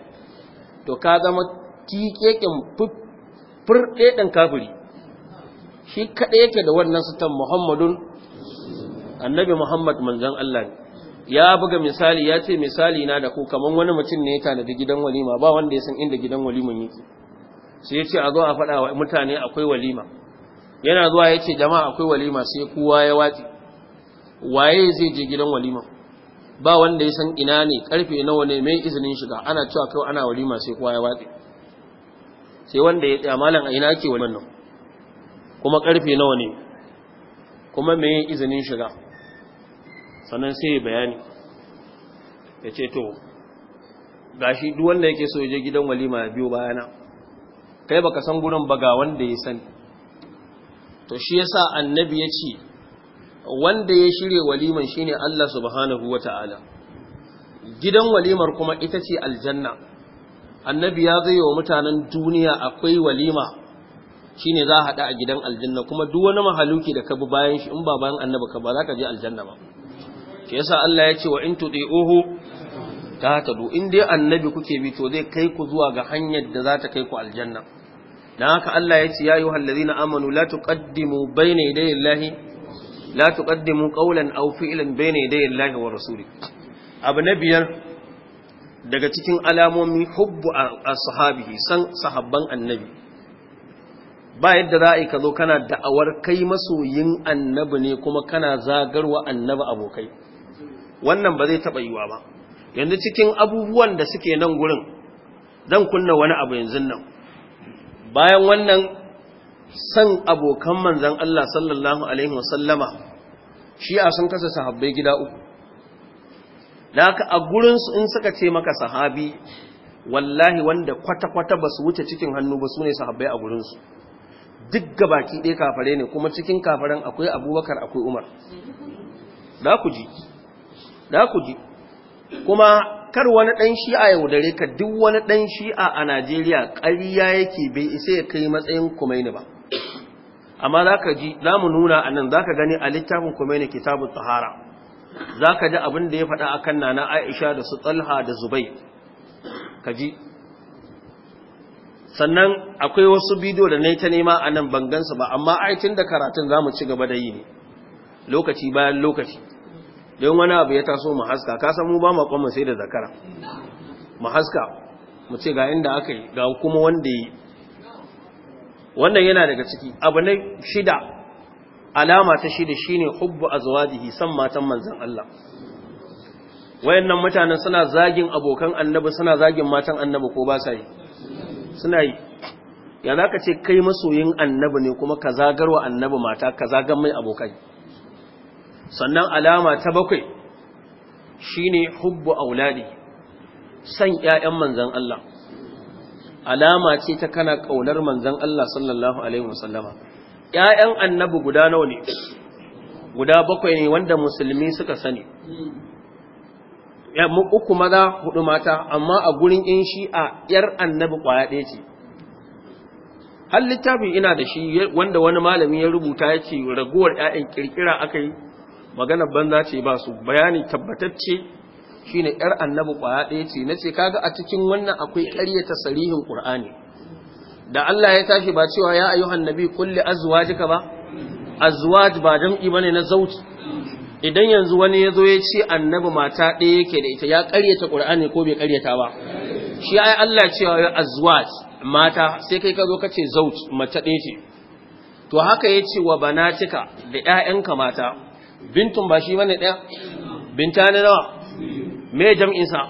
to ka zama kiƙeƙen furɗe ɗan kafiri shi kaɗai yake da wannan sutan muhammadun annabi Muhammad manzon Allah ne ya buga misali ya ce misali na da ku kaman wani mutum ne ya tanadi gidan walima ba wanda ya san inda gidan waliman yake sai ya ce a zo a faɗa wa mutane akwai walima yana zuwa ya ce jama'a akwai walima sai kowa ya wace waye zai je gidan walima ba wanda ya san ina ne karfe nawa ne mai izinin shiga ana cewa kai ana walima sai kowa ya wace sai wanda ya tsaya malam a ina ake wannan kuma karfe nawa ne kuma mai izinin shiga sannan sai ya bayani ya ce to gashi duk wanda yake so je gidan walima ya biyo bayana kai baka san gurin ba ga wanda ya sani to shi yasa annabi ya ce wanda ya shirye waliman shine Allah subhanahu Ta'ala. gidan walimar kuma ita ce aljanna annabi ya zai wa mutanen duniya akwai walima shine za a haɗa a gidan aljanna kuma duk wani mahaluki da ka bi bayan shi in ba bayan annabi ka ba za ka je aljanna ba ke yasa Allah ya ce wa in tudi'uhu ta tadu in dai annabi kuke bi to zai kai ku zuwa ga hanyar da za ta kai ku aljanna dan haka Allah ya ce ya ayyuhal ladina amanu la tuqaddimu bayna yaday Allahi la tuqaddimu qawlan aw fi'lan bayna yaday Allahi wa rasuli abu na biyar daga cikin alamomi hubbu ashabihi san sahabban annabi ba yadda za a ka zo kana da'awar kai masoyin annabi ne kuma kana zagarwa annabi abokai wannan ba zai taɓa yiwa ba yanzu cikin abubuwan da suke nan gurin zan kunna wani abu yanzu nan bayan wannan san abokan manzan Allah sallallahu alaihi wasallama a sun kasa sahabbai gida uku da aka a gurinsu in suka ce maka sahabi wallahi wanda kwata-kwata ba su wuce cikin hannu ba su ne sahabbai a gurinsu duk baki ɗaya kafare ne kuma cikin kafaren akwai abubakar akwai umar da ku ji za ku ji kuma kar wani ɗan shi'a ya wudare ka duk wani ɗan shi'a a Najeriya ƙarya yake bai isa ya kai matsayin kumaini ba amma za ka ji za mu nuna a nan za ka gani a littafin kumaini kitabun tsahara, za ka ji abin da ya faɗa a kan nana Aisha da su tsalha da zubai ka ji sannan akwai wasu bidiyo da na yi ta nema a nan bangansu ba amma aikin da karatun za mu ci gaba da yi ne lokaci bayan lokaci don wani abu ya taso mu haska ka mu ba mu kwamma sai da zakara mu haska mu ce ga inda aka yi ga kuma wanda yi wannan yana daga ciki abu na shida alama ta shida shine hubbu azwajihi san matan manzon Allah wayannan mutanen suna zagin abokan annabi suna zagin matan annabi ko ba sa yi suna yi ya za ka ce kai masoyin annabi ne kuma ka zagarwa annabi mata ka zagar mai abokai sannan alama ta bakwai shine hubbu auladi san 'ya'yan manzon Allah alama ce ta kana kaunar manzon Allah sallallahu alaihi wasallama ƴaƴan annabi guda nawa ne guda bakwai ne wanda musulmi suka sani uku maza hudu mata amma a gurin in a yar annabi kwaya ɗaya ce har littafin ina da shi wanda wani malami ya rubuta ya ce raguwar 'ya'yan ƙirƙira aka yi maganar banza ce ba su bayani tabbatacce shine yar annabi kwaya ɗaya ce na ce, kaga a cikin wannan akwai ta sarihin ƙur'ani da Allah ya tashi ba cewa ya ayyuhan kulle kulli azwajika ba azwaj ba jam'i bane na zauci idan yanzu wani ya zo ya ce annabi mata ɗaya yake da ita ya ta ƙur'ani ko bai ta ba shi ai Allah cewa ya mata sai kai ka zo ka ce mace ɗaya ce to haka ya ce wa banatika da ƴaƴanka mata bintun ba shi bane ɗaya? binta ne nawa me jam'insa?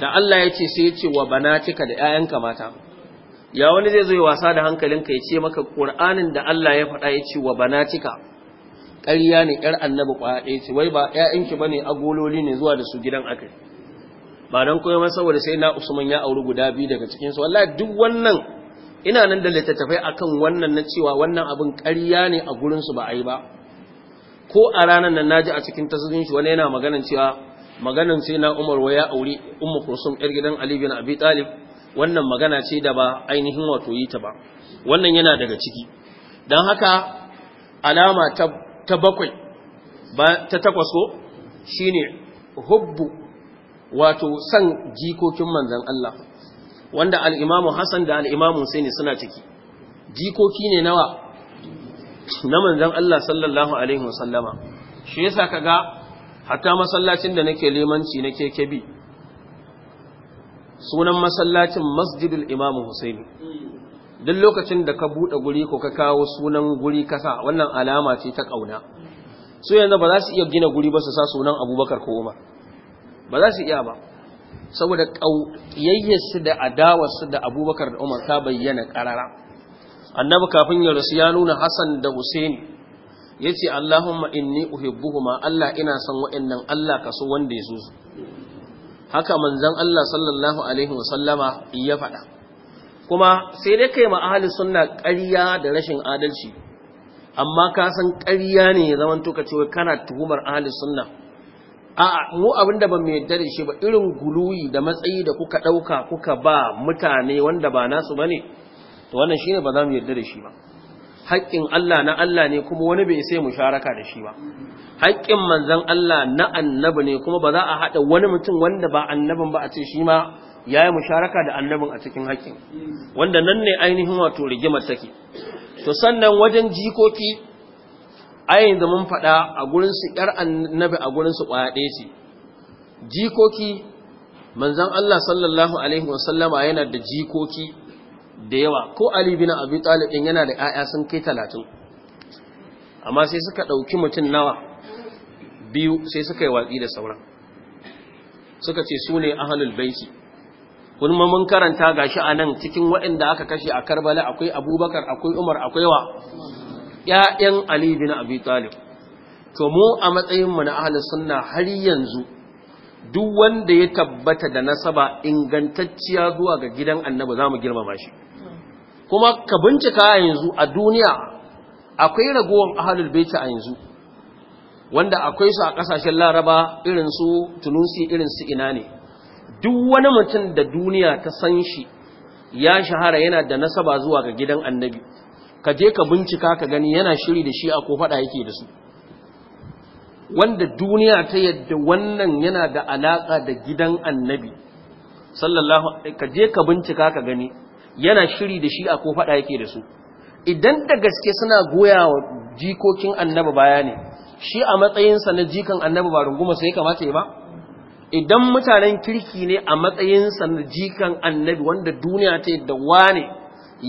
da Allah ya ce sai ya ce wa banatika da yayanka mata ya wani zai zo wasa da hankalinka ya ce maka Ƙur'anin da Allah ya faɗa ya ce wa cika? ƙarya ne ƴar annabi kwaya ɗaya ce wai ba ƴaƴanki bane agololi ne zuwa da su gidan akai ba don koyo masa saboda sai na Usman ya auri guda biyu daga cikinsu. su duk wannan ina nan da littattafai akan wannan na cewa wannan abin ƙarya ne a gurin su ba yi ba ko a ranar nan naji a cikin tasirin shi wani yana maganan cewa maganan sai na Umar wa ya auri Ummu Kulsum yar gidan Ali bin Abi Talib wannan magana ce da ba ainihin wato yi ta ba wannan yana daga ciki dan haka alama ta ta bakwai ba ta takwas ko shine hubbu wato san jikokin manzan Allah wanda al Hassan da al-Imam suna ciki jikoki ne nawa na manzon Allah sallallahu alaihi wasallama shi yasa ka ga hatta masallacin da nake limanci na keke bi? sunan masallacin Masjidul Imam Husaini duk lokacin da ka buɗe guri ko ka kawo sunan guri kasa wannan alama ce ta ƙauna. su yanzu ba za su iya gina guri ba su sa sunan Abubakar ko Umar ba za su iya ba saboda ƙauyayyarsu da adawarsu da Abubakar da Umar ta bayyana ƙarara annabi kafin ya rasu ya nuna Hassan da Hussein yace Allahumma inni uhibbuhuma Allah ina son wa'annan Allah ka so wanda ya zuzu haka manzan Allah sallallahu alaihi wasallama ya faɗa kuma sai dai kai ma suna sunna ƙarya da rashin adalci amma ka san ƙarya ne ya zaman to ka ce kana tuhumar ahli sunna a mu abinda ban mai yarda da shi ba irin guluyi da matsayi da kuka ɗauka kuka ba mutane wanda ba nasu ne? to wannan ne ba za mu yarda da shi ba haƙƙin Allah na Allah ne kuma wani bai sai musharaka da shi ba haƙƙin manzon Allah na annabi ne kuma ba za a haɗa wani mutum wanda ba annabin ba a ce shi ma ya yi musharaka da annabin a cikin haƙƙin wanda nan ne ainihin wato rigimar take to sannan wajen jikoki ayin da mun faɗa a gurin su ‘yar annabi a su ƙwaya ɗaya ce jikoki manzon Allah sallallahu Alaihi wasallama yana da jikoki da yawa ko Ali bin Abi Talib din yana da ƴaƴa sun kai talatin amma sai suka ɗauki mutum nawa biyu sai suka yi watsi da sauran suka ce sune ne ahlul baiti kun ma mun karanta gashi a nan cikin waɗanda aka kashe a Karbala akwai Abubakar akwai Umar akwai wa ƴaƴan Ali bin Abi Talib to mu a matsayin mu na ahlus sunna har yanzu duk wanda ya tabbata da nasaba ingantacciya zuwa ga gidan annabi za mu girmama shi kuma ka bincika yanzu a duniya akwai ragowar ahalul baiti a yanzu wanda akwai su a kasashen laraba irin tunusi irin ina ne duk wani mutum da duniya ta san shi ya shahara yana da nasaba zuwa ga gidan annabi ka je ka bincika ka gani yana shiri da shi a ko faɗa yake da su wanda duniya ta yadda wannan yana da alaƙa da gidan annabi sallallahu ka je ka bincika ka gani yana shiri da shi a ko faɗa yake da su idan da gaske suna goya wa jikokin annaba baya ne shi a matsayinsa na jikan annaba ba runguma sai kamata ya ba idan mutanen kirki ne a matsayinsa na jikan annabi wanda duniya ta yadda wane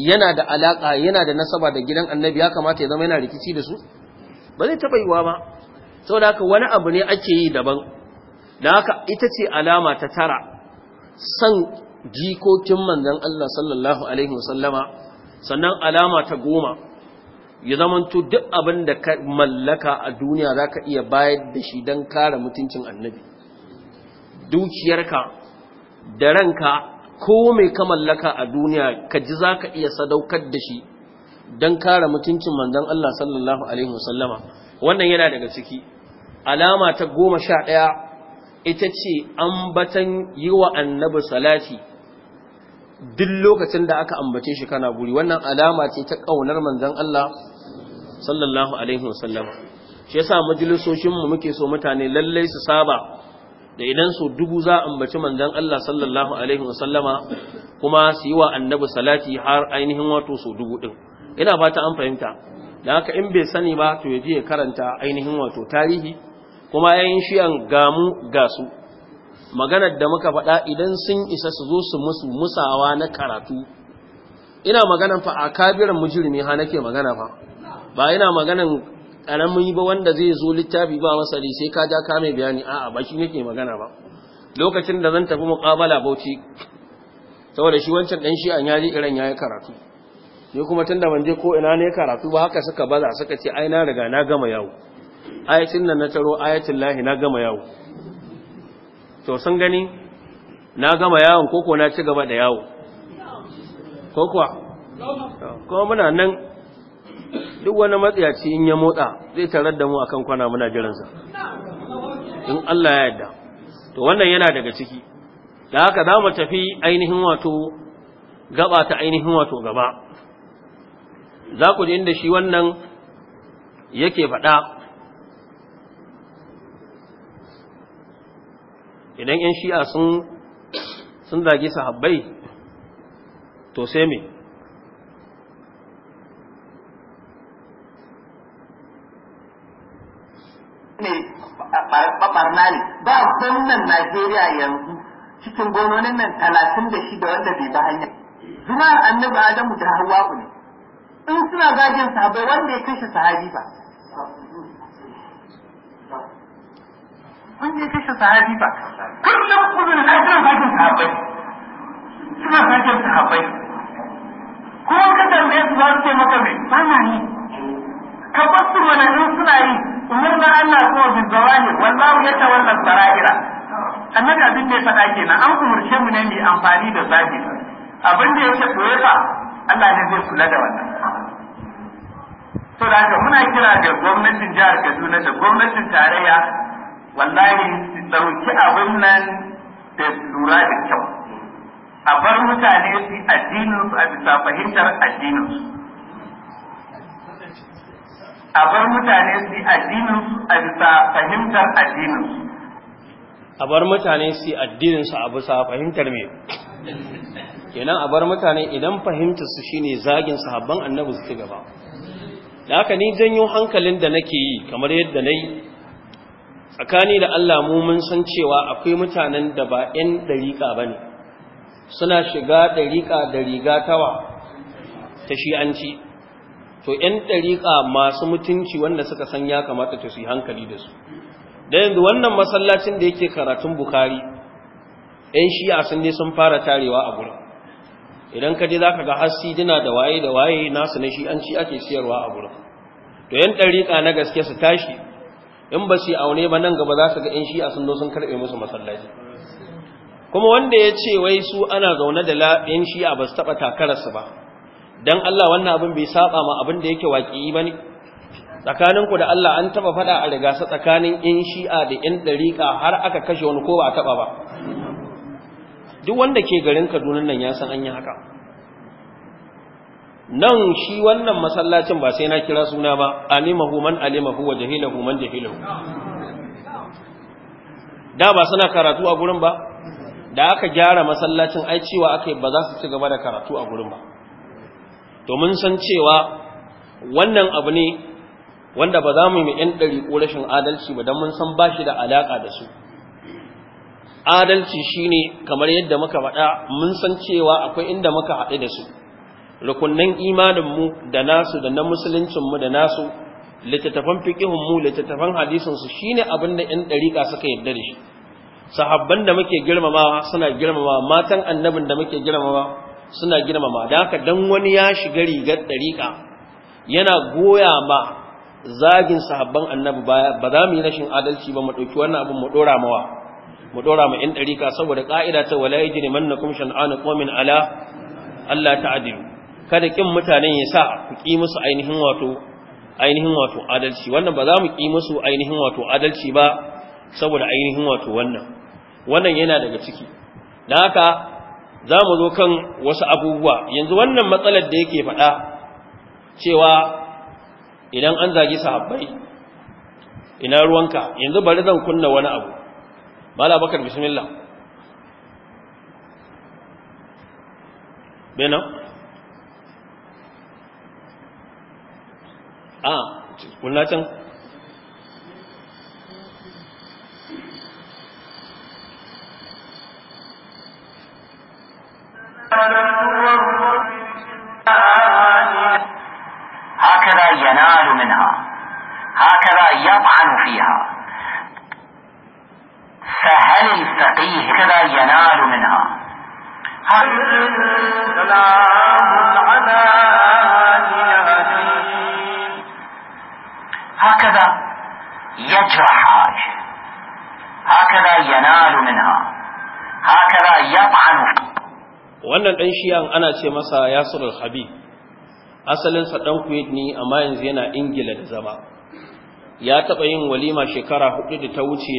yana da alaka yana da nasaba da gidan annabi ya kamata ya zama yana rikici da su ba zai taɓa yiwa ba saboda haka wani abu ne ake yi daban da haka ita ce alama ta tara san jikokin manzan Allah sallallahu alaihi wasallama sannan alama ta goma ya zamanto duk abin da ka mallaka a duniya za ka iya bayar da shi don kare mutuncin annabi dukiyarka da ranka ko mai ka mallaka a duniya ka ji za ka iya sadaukar da shi don kare mutuncin manzan Allah sallallahu alaihi wasallama wannan yana daga ciki alama ta goma sha ɗaya ita ce an batan yi wa annabi salati duk lokacin da aka ambace shi kana guri wannan alama ce ta kaunar manzon Allah sallallahu alaihi wasallam shi yasa majalisoshin mu muke so mutane lalle su saba da idan so dubu za ambaci manzon Allah sallallahu alaihi wasallama kuma su yi wa annabi salati har ainihin wato so dubu din ina fata an fahimta dan haka in bai sani ba to yaje ya karanta ainihin wato tarihi kuma yayin an gamu ga su. maganar da muka faɗa idan sun isa su zo su musu musawa na karatu ina maganan fa a kabiran mujirmi ha nake magana fa ba ina maganan karamin ba wanda zai zo littafi ba masali sai ka ja ka mai bayani a'a ba shi nake magana ba lokacin da zan tafi muqabala bauchi saboda shi wancan dan shi an yaji irin yayi karatu ni kuma tunda ban je ko ina ne karatu ba haka suka baza suka ce ai na riga na gama yawo ayatin nan na taro ayatin lahi na gama yawo to sun gani na gama yawon koko na ci gaba da yawo Koko kuma muna nan duk wani matsiyaci in ya motsa zai tarar da mu akan kwana muna jiransa in Allah ya yarda to wannan yana daga ciki da haka za mu tafi ainihin wato gaba ta ainihin wato gaba za ku ji inda shi wannan yake faɗa idan yan shi'a sun zage su habbai to sai mai. barna ne ba gwamnan Najeriya yanzu cikin gononin nan talatin da shi da wanda bai ba hanyar. zuma annabi Adamu da ku ne in suna zagin sahabbai wanda ya kashe sahabi ba wanda ya kashe sahabi ba kullum kudu na suna sakin sahabai suna sakin sahabai ko ka tambaye su za su ce maka mai ba na yi ka basu wani in suna yi umar na Allah ko bi zawahir wallahu wannan sara'ira annabi abin da ya faɗa kenan an umurce mu ne mai amfani da zahiri abin da yake koye fa Allah ne zai kula da wannan to da haka muna kira da gwamnatin jihar Kaduna da gwamnatin tarayya wallahi su ɗauki abin nan da lura da kyau a bar mutane su addininsu a bisa fahimtar addininsu a bar mutane su addininsu a bisa fahimtar addininsu a bar mutane su addininsu a bisa fahimtar me kenan a bar mutane idan fahimtar su shine zagin sahabban annabi su ci gaba da haka ni janyo hankalin da nake yi kamar yadda nayi tsakani da Allah mu mun san cewa akwai mutanen da ba 'yan dariƙa ba ne suna shiga dariƙa da riga tawa ta shi'anci to 'yan ɗariƙa masu mutunci wanda suka san ya kamata ta su hankali da su da yanzu wannan masallacin da yake karatun bukari 'yan shi'a sun ne sun fara tarewa a gurin idan ka je za ka ga hasidina da waye da waye nasu na shi'anci ake siyarwa a gurin to 'yan dariƙa na gaske su tashi in ba su aune ba nan gaba za su ga in shi a sun sun karbe musu masallaci kuma wanda ya ce wai su ana zaune da la'in shi a ba su taɓa takararsu ba don Allah wannan abin bai saba ma abin da yake waƙi ba ne tsakaninku da Allah an taɓa faɗa a riga su tsakanin in shi'a da in ɗariƙa har aka kashe wani ko ba a taba ba duk wanda ke garin kaduna nan ya san an yi haka nan shi wannan masallacin ba sai na kira suna ba alimahu man alimahu wa jahilahu man jahilahu da ba suna karatu a gurin ba da aka gyara masallacin ai cewa akai ba za su ci gaba da karatu a gurin ba to mun san cewa wannan abu ne wanda ba za mu yi yan ɗari ko rashin adalci ba don mun san ba shi da alaƙa da su adalci shine kamar yadda muka faɗa mun san cewa akwai inda muka haɗe da su rukunnan imaninmu da nasu da na musuluncinmu da nasu littattafan fiƙihunmu littattafan hadisinsu shi ne abin da ‘yan ɗariƙa suka yarda da shi sahabban da muke girmamawa suna girmamawa matan annabin da muke girmamawa suna girmama da haka don wani ya shiga rigar ɗariƙa yana goya ma zagin sahabban annabi baya, ba za mu yi rashin adalci ba mu ɗauki wannan abin mu ɗora mawa mu ɗora ma ‘yan ɗariƙa saboda ƙa'ida ta wala manna kuma shan'anu qawmin ala Allah adilu kada kin mutanen ya sa ku ki musu ainihin wato ainihin wato adalci wannan ba za mu ki musu ainihin wato adalci ba saboda ainihin wato wannan wannan yana daga ciki dan haka za mu zo kan wasu abubuwa yanzu wannan matsalar da yake faɗa cewa idan an zagi sahabbai ina ruwanka yanzu bari zan kunna wani abu mala bakar bismillah bena a kunna can هكذا ينال منها هكذا يطعن فيها فهل الفقيه كذا ينال منها سلام على هكذا يجرح عائشة هكذا ينال منها هكذا يطعن wannan ɗan shiyan ana ce masa yasir habib asalinsa ɗan kuwait ne amma yanzu yana ingila da zama ya taɓa yin walima shekara hudu da ta wuce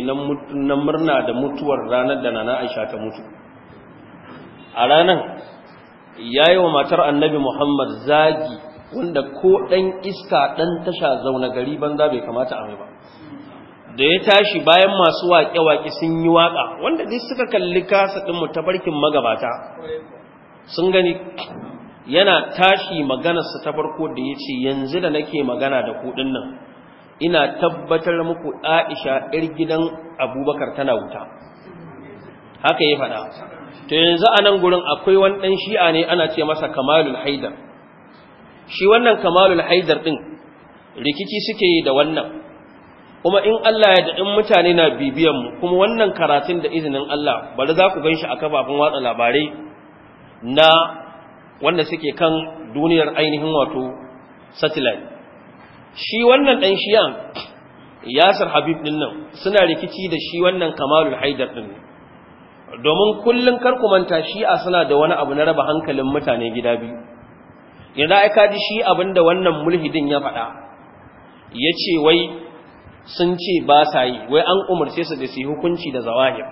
na murna da mutuwar ranar da nana aisha ta mutu a ranar ya yi wa matar annabi muhammad zagi wanda ko ɗan iska ɗan tasha zauna gari banza bai kamata a mai ba da ya tashi bayan masu waƙe-waƙe sun yi waƙa wanda dai suka kalli kasa ɗinmu ta barkin magabata sun gani yana tashi maganarsa ta farko da ya ce yanzu da nake magana da kuɗin nan ina tabbatar muku aisha 'yar gidan abubakar tana wuta haka ya faɗa Ta yanzu a nan gurin akwai wani ɗan shi'a ne ana ce masa kamalul haidar shi wannan kamalul haidar ɗin, rikici suke yi da wannan kuma in Allah ya da in mutane na bibiyan mu kuma wannan karatun da izinin Allah bari za ku shi a kafafin watsa labarai na wanda suke kan duniyar ainihin wato satellite shi wannan dan shiyan Yasir Habib din nan suna rikici da shi wannan kamalul haidar din domin kullum kar ku manta shi'a suna da wani abu na raba hankalin mutane gida biyu yanzu ai kaji shi abinda wannan mulhidin ya faɗa ya ce wai sun ce ba sa yi wai an umarce su da su hukunci da zawahir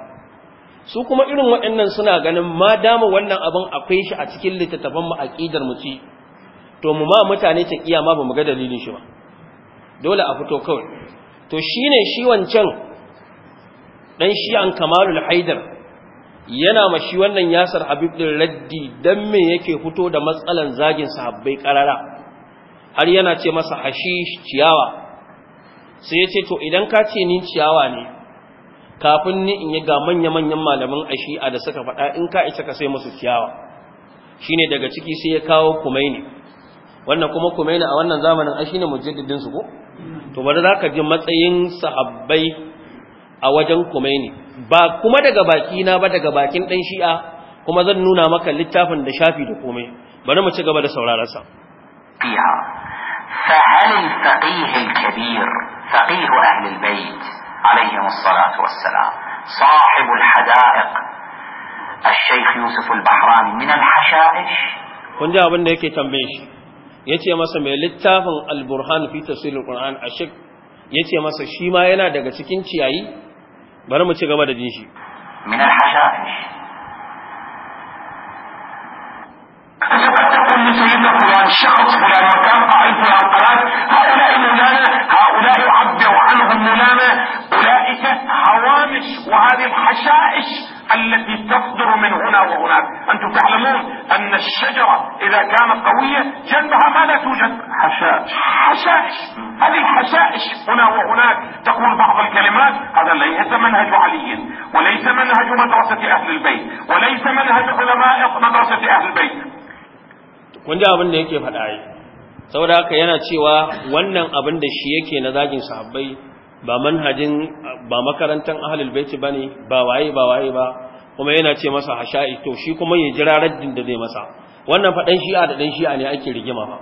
su kuma irin waɗannan suna ganin ma dama wannan abin akwai shi a cikin littattafan mu aqidar mu ci to mu ma mutane ta kiyama ba mu ga dalilin shi ba dole a fito kawai to shine shi wancan ɗan shi an kamalul haidar yana ma shi wannan yasar habib din raddi dan me yake fito da matsalan zagin sahabbai karara har yana ce masa hashish ciyawa sai ya ce to idan ka ce ni ciyawa ne kafin ni in yi ga manya-manyan malaman ashi'a da suka faɗa in ka isa ka sai musu ciyawa shine daga ciki sai ya kawo kumaini wannan kuma kumaini a wannan zamanin ashi ne mujaddidin su ko to bari za ka ji matsayin sahabbai a wajen Khomeini ba kuma daga baki na ba daga bakin dan shi'a kuma zan nuna maka littafin da shafi da komai bari mu ci gaba da sauraron sa fiha fa hal faqih al kabir faqih ahli al bayt alayhi as-salatu was-salam sahib al-hadaiq al-shaykh yusuf al يوسف min al-hashaish kun ji abin da yake tambaye shi yace masa mai littafin al-burhan fi tafsir al-quran ashik yace masa shi ma yana daga cikin ciyayi bari mu ci gaba da jin shi min al-hasha'ish تقول سيدنا فلان شخص فلان مكان قائد فلان قناة هؤلاء مولانا هؤلاء يعبر عنهم مولانا أولئك هوامش وهذه الحشائش التي تصدر من هنا وهناك أنتم تعلمون أن الشجرة إذا كانت قوية جنبها ماذا توجد حشائش حشائش هذه الحشائش هنا وهناك تقول بعض الكلمات هذا ليس منهج علي وليس منهج مدرسة أهل البيت وليس منهج علماء مدرسة أهل البيت kun ji abin da yake faɗa yi saboda haka yana cewa wannan abin da shi yake na zagin sahabbai ba manhajin ba makarantar ahlul baiti bane ba waye ba waye ba kuma yana ce masa hasha'i to shi kuma ya jira raddin da zai masa wannan fa dan shi'a da dan shi'a ne ake rigima ba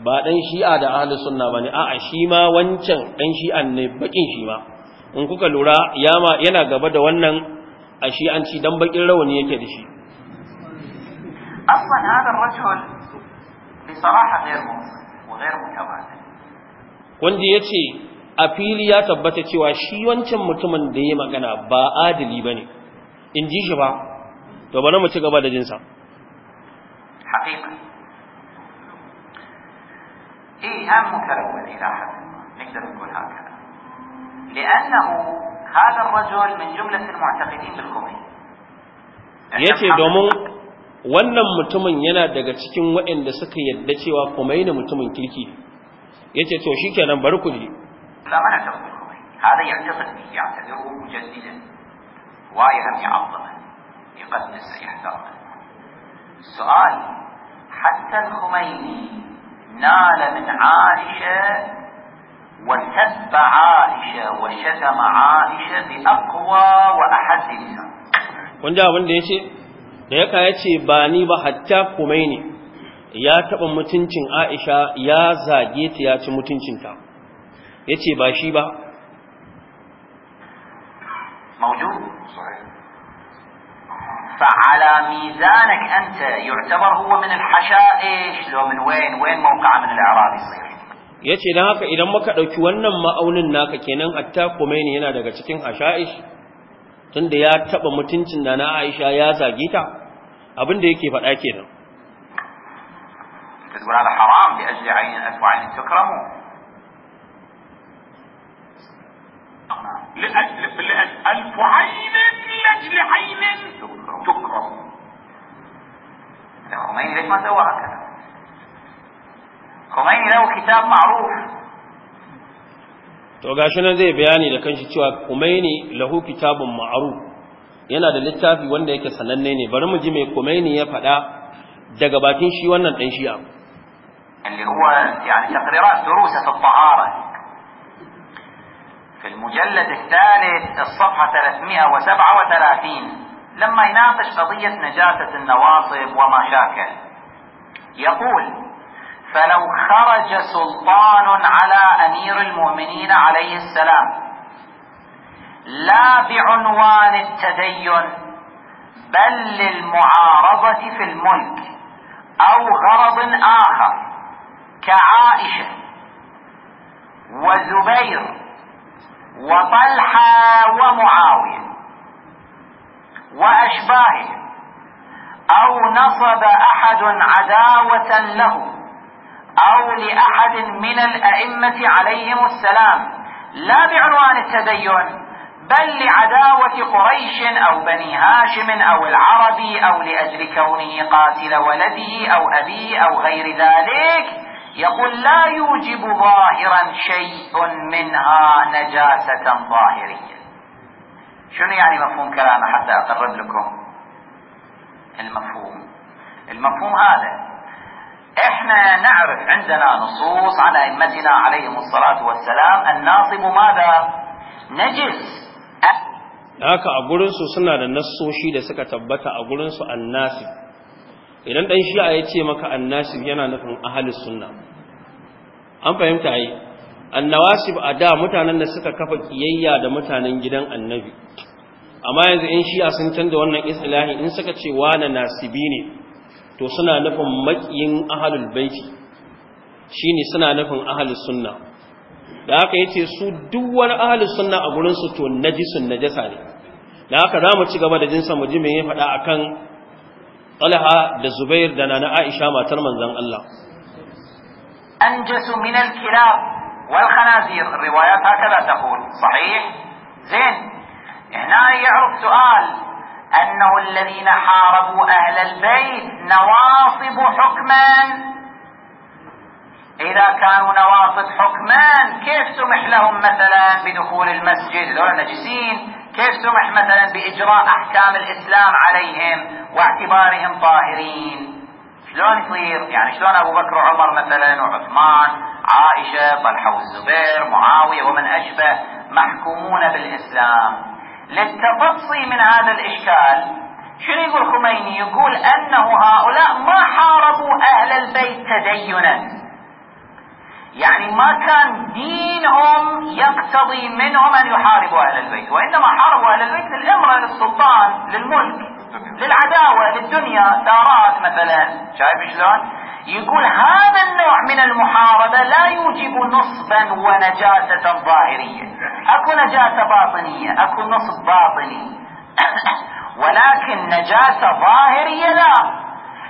ba dan shi'a da ahlus sunna bane a'a shi ma wancan dan shi'an ne bakin shi ma in kuka lura yama yana gaba da wannan a shi'anci dan bakin rawani yake da shi اصلا هذا الرجل غير مؤمن وغير wanda ya ce a fili ya tabbata cewa shi wancan mutumin da ya magana ba adali ba ne in ji shi ba to bane mu ci gaba da jinsa eh, yace domin wannan mutumin yana daga cikin waɗanda suka yadda cewa yana mutumin kirki yace to shikenan bar ku ne zaman da ku ya ta ya da ya ta afdal min aisha wa aisha wa shatama aisha bi aqwa wa yace da yaka yace ba ni ba hatta khumaini ya taɓa mutuncin aisha ya zage ta ya ci mutuncinta ya ce ba shi ba فعلى ميزانك أنت يعتبر هو من الحشائش لو من وين وين موقع من الإعراب يصير yace dan haka idan muka dauki wannan ma'aunin naka kenan at-taqumaini yana daga cikin hashaish tunda ya taba mutuncin da na Aisha ya zage ta Abinda da yake faɗa kenan تقول هذا حرام لأجل عين ألف عين تكرم لأجل ألف عين لأجل عين تكرم الخميني ليش ما سوى هكذا؟ الخميني له كتاب معروف to gashi nan zai bayani da kanshi cewa Khomeini lahu kitabun ma'ruf yana da littafi wanda yake sananne ne bari mu ji me Khomeini ya faɗa daga bakin shi wannan dan shi'a اللي هو يعني تقريرات دروسه في الطهارة في المجلد الثالث الصفحة 337 لما يناقش قضية نجاسة النواصب وما شاكل يقول فلو خرج سلطان على أمير المؤمنين عليه السلام لا بعنوان التدين بل للمعارضة في الملك أو غرض آخر كعائشة وزبير وطلحة ومعاوية وأشباههم أو نصب أحد عداوة له أو لأحد من الأئمة عليهم السلام لا بعنوان التدين بل لعداوة قريش أو بني هاشم أو العربي أو لأجل كونه قاتل ولده أو أبيه أو غير ذلك يقول لا يوجب ظاهرا شيء منها نجاسة ظاهرية شنو يعني مفهوم كلامه حتى أقرب لكم المفهوم المفهوم هذا احنا نعرف عندنا نصوص على ائمتنا عليهم الصلاة والسلام الناصب ماذا نجس haka a gurinsu سنة da nassoshi سكت suka tabbata a idan dan shi'a ya ce maka annasib yana nufin ahlus sunna an fahimta ai annawasib a da mutanen da suka kafa kiyayya da mutanen gidan annabi amma yanzu in shi'a sun canza wannan islahi in suka ce na nasibi ne to suna nufin makiyin ahlul baiti shine suna nufin ahlus sunna da haka yace su duk wani ahlus sunna a gurin su to najisun najasa ne da haka zamu ci gaba da jinsa mu ji me ya faɗa akan طلحة da دنانا عائشة ما aisha matar manzon Allah anjasu min al-kilab wal khanazir riwayat hakala هنا يعرف سؤال أنه الذين حاربوا أهل البيت نواصب حكما إذا كانوا نواصب حكما كيف سمح لهم مثلا بدخول المسجد هذول نجسين كيف سمح مثلا بإجراء أحكام الإسلام عليهم واعتبارهم طاهرين شلون يصير يعني شلون أبو بكر وعمر مثلا وعثمان عائشة طلحة والزبير معاوية ومن أشبه محكومون بالإسلام للتفصي من هذا الإشكال شنو يقول خميني يقول أنه هؤلاء ما حاربوا أهل البيت تدينا يعني ما كان دينهم يقتضي منهم أن يحاربوا أهل البيت وإنما حاربوا أهل البيت للإمرة للسلطان للملك للعداوة للدنيا ثارات مثلا شايف شلون يقول هذا النوع من المحاربة لا يوجب نصبا ونجاسة ظاهرية اكو نجاسة باطنية اكو نصب باطني *coughs* ولكن نجاسة ظاهرية لا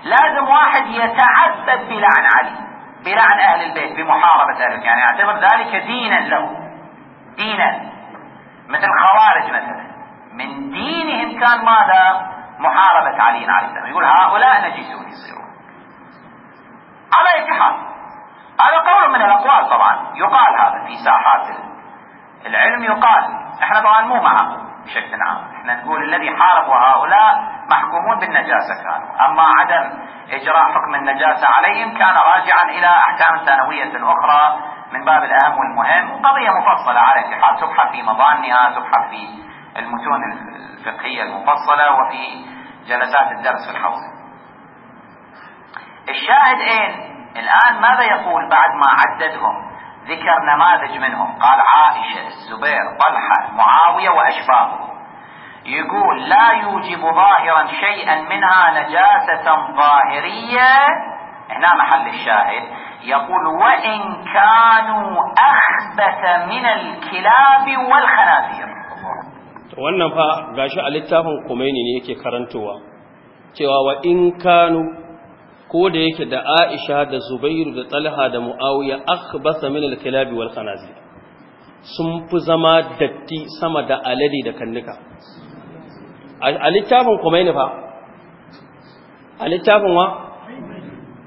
لازم واحد يتعبد بلعن علي بلعن اهل البيت بمحاربة اهل البيت يعني اعتبر ذلك دينا له دينا مثل خوارج مثلا من دينهم كان ماذا محاربة علي عليه السلام يقول هؤلاء نجسون يصيرون على أي حال هذا قول من الأقوال طبعا يقال هذا في ساحات العلم يقال احنا طبعا مو معه بشكل عام احنا نقول الذي حاربوا هؤلاء محكومون بالنجاسة كانوا أما عدم إجراء حكم النجاسة عليهم كان راجعا إلى أحكام ثانوية أخرى من باب الأهم والمهم قضية مفصلة على حال تبحث في مظانها تبحث في المتون الفقهية المفصلة وفي جلسات الدرس في الحوزة الشاهد أين الآن ماذا يقول بعد ما عددهم ذكر نماذج منهم قال عائشة الزبير طلحة معاوية وأشباهه يقول لا يوجب ظاهرا شيئا منها نجاسة ظاهرية هنا محل الشاهد يقول وإن كانوا أخبث من الكلاب والخنازير wannan fa gashi a littafin Khomeini ne yake karantowa cewa wa in kanu ko da yake da Aisha da Zubairu da Talha da Muawiya akhbasa min al kilabi wal khanazir sun fi zama datti sama da alade da kannuka a littafin Khomeini fa a littafin wa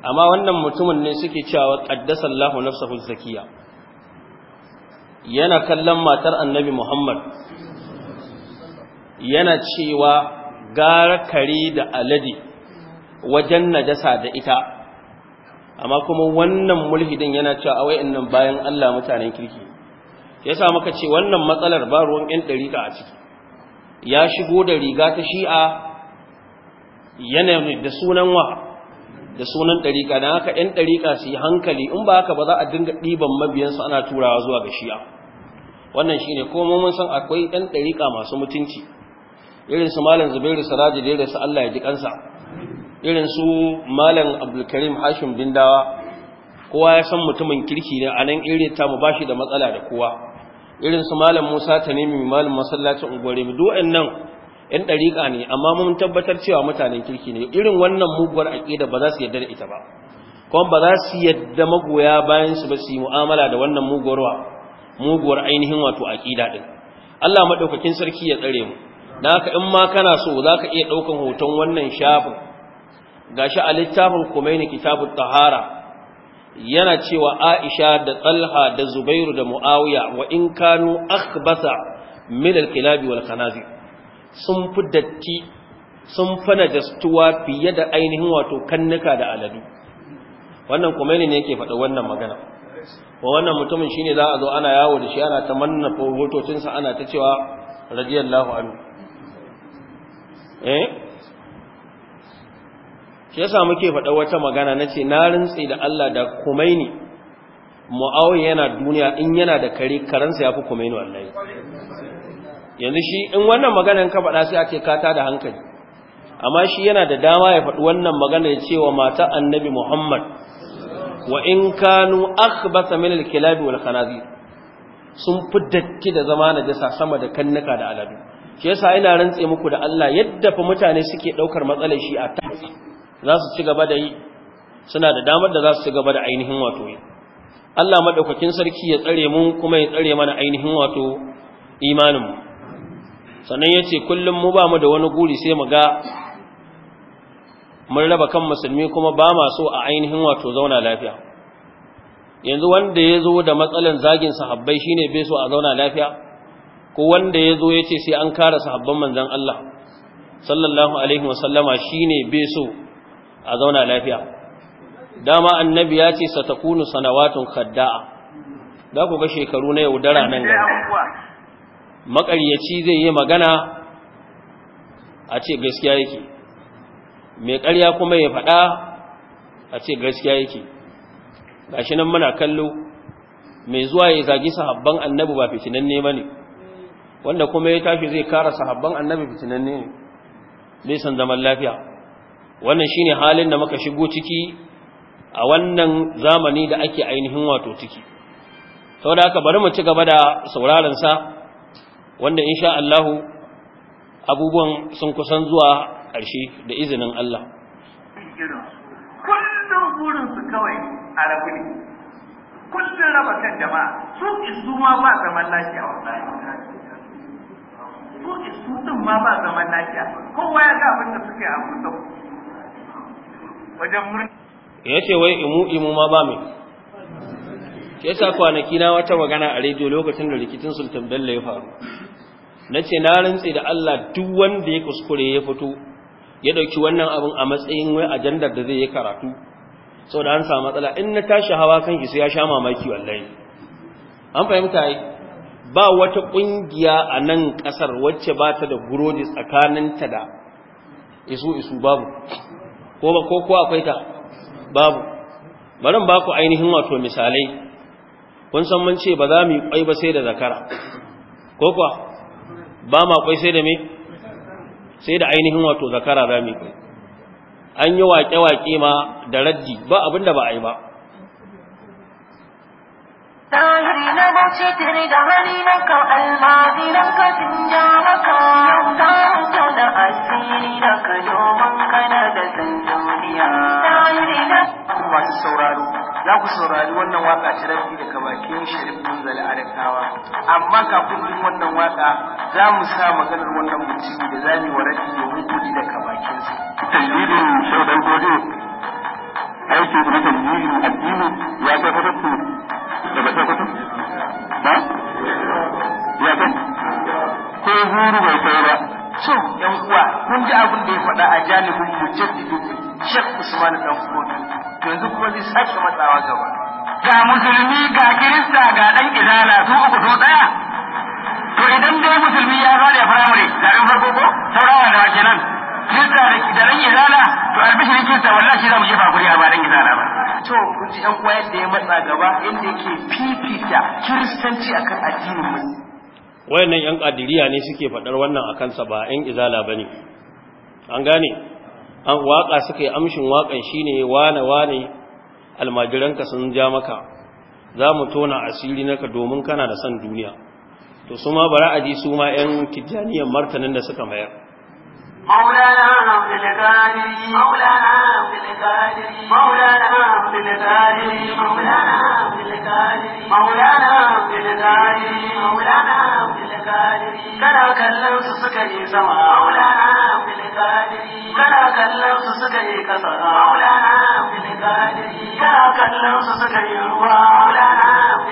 amma wannan mutumin ne suke cewa Allahu nafsahu zakiya yana kallon matar annabi Muhammad yana cewa gara kare da alade wajen najasa da ita amma kuma wannan mulhidin yana cewa a wayannan bayan Allah mutanen kirki yasa muka ce wannan matsalar ba ruwan ɗan a ciki ya shigo da riga ta shi'a yanayin da sunan wa da sunan dariƙa, na haka yan ɗarika su yi hankali in ba haka ba za a dinga ɗiban mabiyansu ana turawa zuwa ga shi'a wannan shi ne kuma mun san akwai yan ɗarika masu mutunci irin su malam zubairu saraji da irin su Allah ya ji kansa irin su malam abdulkarim hashim bindawa kowa ya san mutumin kirki ne a nan irin ta mu bashi da matsala da kowa irin su malam musa ta nemi malam masallacin ungwari mu du'an nan yan dariƙa ne amma mun tabbatar cewa mutanen kirki ne irin wannan muguwar aƙida ba za su yarda da ita ba kuma ba za su yarda magoya bayan su ba su yi mu'amala da wannan muguwar ainihin wato aƙida din Allah maɗaukakin sarki ya tsare mu da haka in ma kana so za ka iya ɗaukan hoton wannan shafin shi a littafin kumaini kitabun tahara yana cewa aisha da Tsalha da zubairu da mu'awiya wa in kanu akhbasa min kilabi wal khanazir sun fi datti sun fana jastuwa fiye da ainihin wato kannuka da aladu wannan kumaini ne yake faɗa wannan magana wa wannan mutumin shine za a zo ana yawo da shi ana ta manna hotocinsa ana ta cewa radiyallahu anhu eh shi yasa muke faɗa wata magana nace na rintsi da Allah da Khomeini Muawiya yana duniya in yana da kare karansa yafi Khomeini wallahi yanzu shi in wannan maganar ka faɗa sai ake kata da hankali amma shi yana da dama ya faɗi wannan magana ya cewa mata annabi Muhammad wa in kanu akhbatha min al-kilab wal khanazir sun fi datti da zama najasa sama da kannuka da aladu shi yasa ina rantse muku da Allah yadda fa mutane suke daukar matsalar shi a ta za su ci gaba da yi suna da damar da za su ci gaba da ainihin wato Allah madaukakin sarki ya tsare mu kuma ya tsare mana ainihin wato imanin mu sannan yace kullum mu ba mu da wani guri sai mu ga mun raba kan musulmi kuma ba ma so a ainihin wato zauna lafiya yanzu wanda ya zo da matsalar zagin sahabbai shine bai so a zauna lafiya ko wanda ya zo ya ce sai an kara sahabban manzan Allah sallallahu alaihi wasallama shi ne bai so a zauna lafiya dama annabi ya ce satakunu sanawatun khadda'a da ku ga shekaru na yaudara nan gaba maƙaryaci zai yi magana a ce gaskiya yake mai ƙarya kuma ya faɗa a ce gaskiya yake gashi nan muna kallo mai zuwa ya zagi sahabban annabi ba fitinan ne bane ne wanda kuma ya tafi zai kara sahabban annabi fitinanne ne bai san zaman lafiya wannan shine halin da muka shigo ciki a wannan zamani da ake ainihin wato ciki saboda haka bari mu ci gaba da sauraron sa wanda insha Allah abubuwan sun kusan zuwa ƙarshe da izinin Allah kullum burin su kawai a rabu ne kullum raba kan jama'a su isu ma ba zaman lafiya wallahi su su ma ba zaman lafiya kowa ya ga abin da suke a kusa wajen murna ya ce wai imu imu ma ba mai yasa kwanaki na wata magana a rediyo lokacin da rikicin sultan bello ya faru na ce na rantse da Allah duk wanda ya kuskure ya fito ya ɗauki wannan abin a matsayin wai ajandar da zai yi karatu sau da an samu matsala in na tashi hawa kan isa ya sha mamaki wallahi an fahimta yi ba wata ƙungiya a nan ƙasar wacce ba ta da burodi tsakaninta da isu isu babu ko ba ko ko akwai ta babu barin ba ku ainihin wato misalai kun san mun ce ba za mu yi ba sai da zakara ko kuwa ba ma kwai sai da me sai da ainihin wato zakara za mu yi an yi waƙe-waƙe ma da raddi ba abinda ba a yi ba ചിത്രിതമണിനക്ക അൽമാതിനക്ക സിഞ്ചാമക്ക യൗദാമുഖന അസീനിനക്ക യോമങ്കനദ സന്തോദിയ masu sauraro za ku saurari wannan waka ta rabbi daga bakin sharif munzal arakawa amma kafin jin wannan waka za mu sa maganar wannan mutumi da za mu wa rabbi domin kuɗi daga bakin sa shaudan gode aiki da mutum addini ya tabbatar daga ba ya ko bai kai ba so yan uwa abin da ya faɗa a janibin yanzu kuma zai sake matsawa gaba ga musulmi ga kirista ga ɗan izala su uku so to idan dai musulmi ya zo da firamare ɗan farko ko saurawa da nan. kirista da ɗan izala to albishirin kirista wallahi za mu jefa guri a ba dan ba to kun yan uwa sa gaba inda yake fifita kiristanci akan addinin musulmi wayannan yan kadiriya ne suke faɗar wannan akan sa ba yan izala bane an gane an waka suka yi amshin wakan shine wane wane almajiranka sun ja maka za mu tona asiri naka domin kana da son duniya to su ma bara a su ma yan kijaniyan martanin da suka mayar مولانا في الغالي مولانا في الغالي مولانا في الغالي مولانا في الغالي مولانا في الغالي مولانا في الغالي كنا كلم سكري سما مولانا في الغالي كنا كلم سكري كسر مولانا في الغالي كنا كلم سكري روا مولانا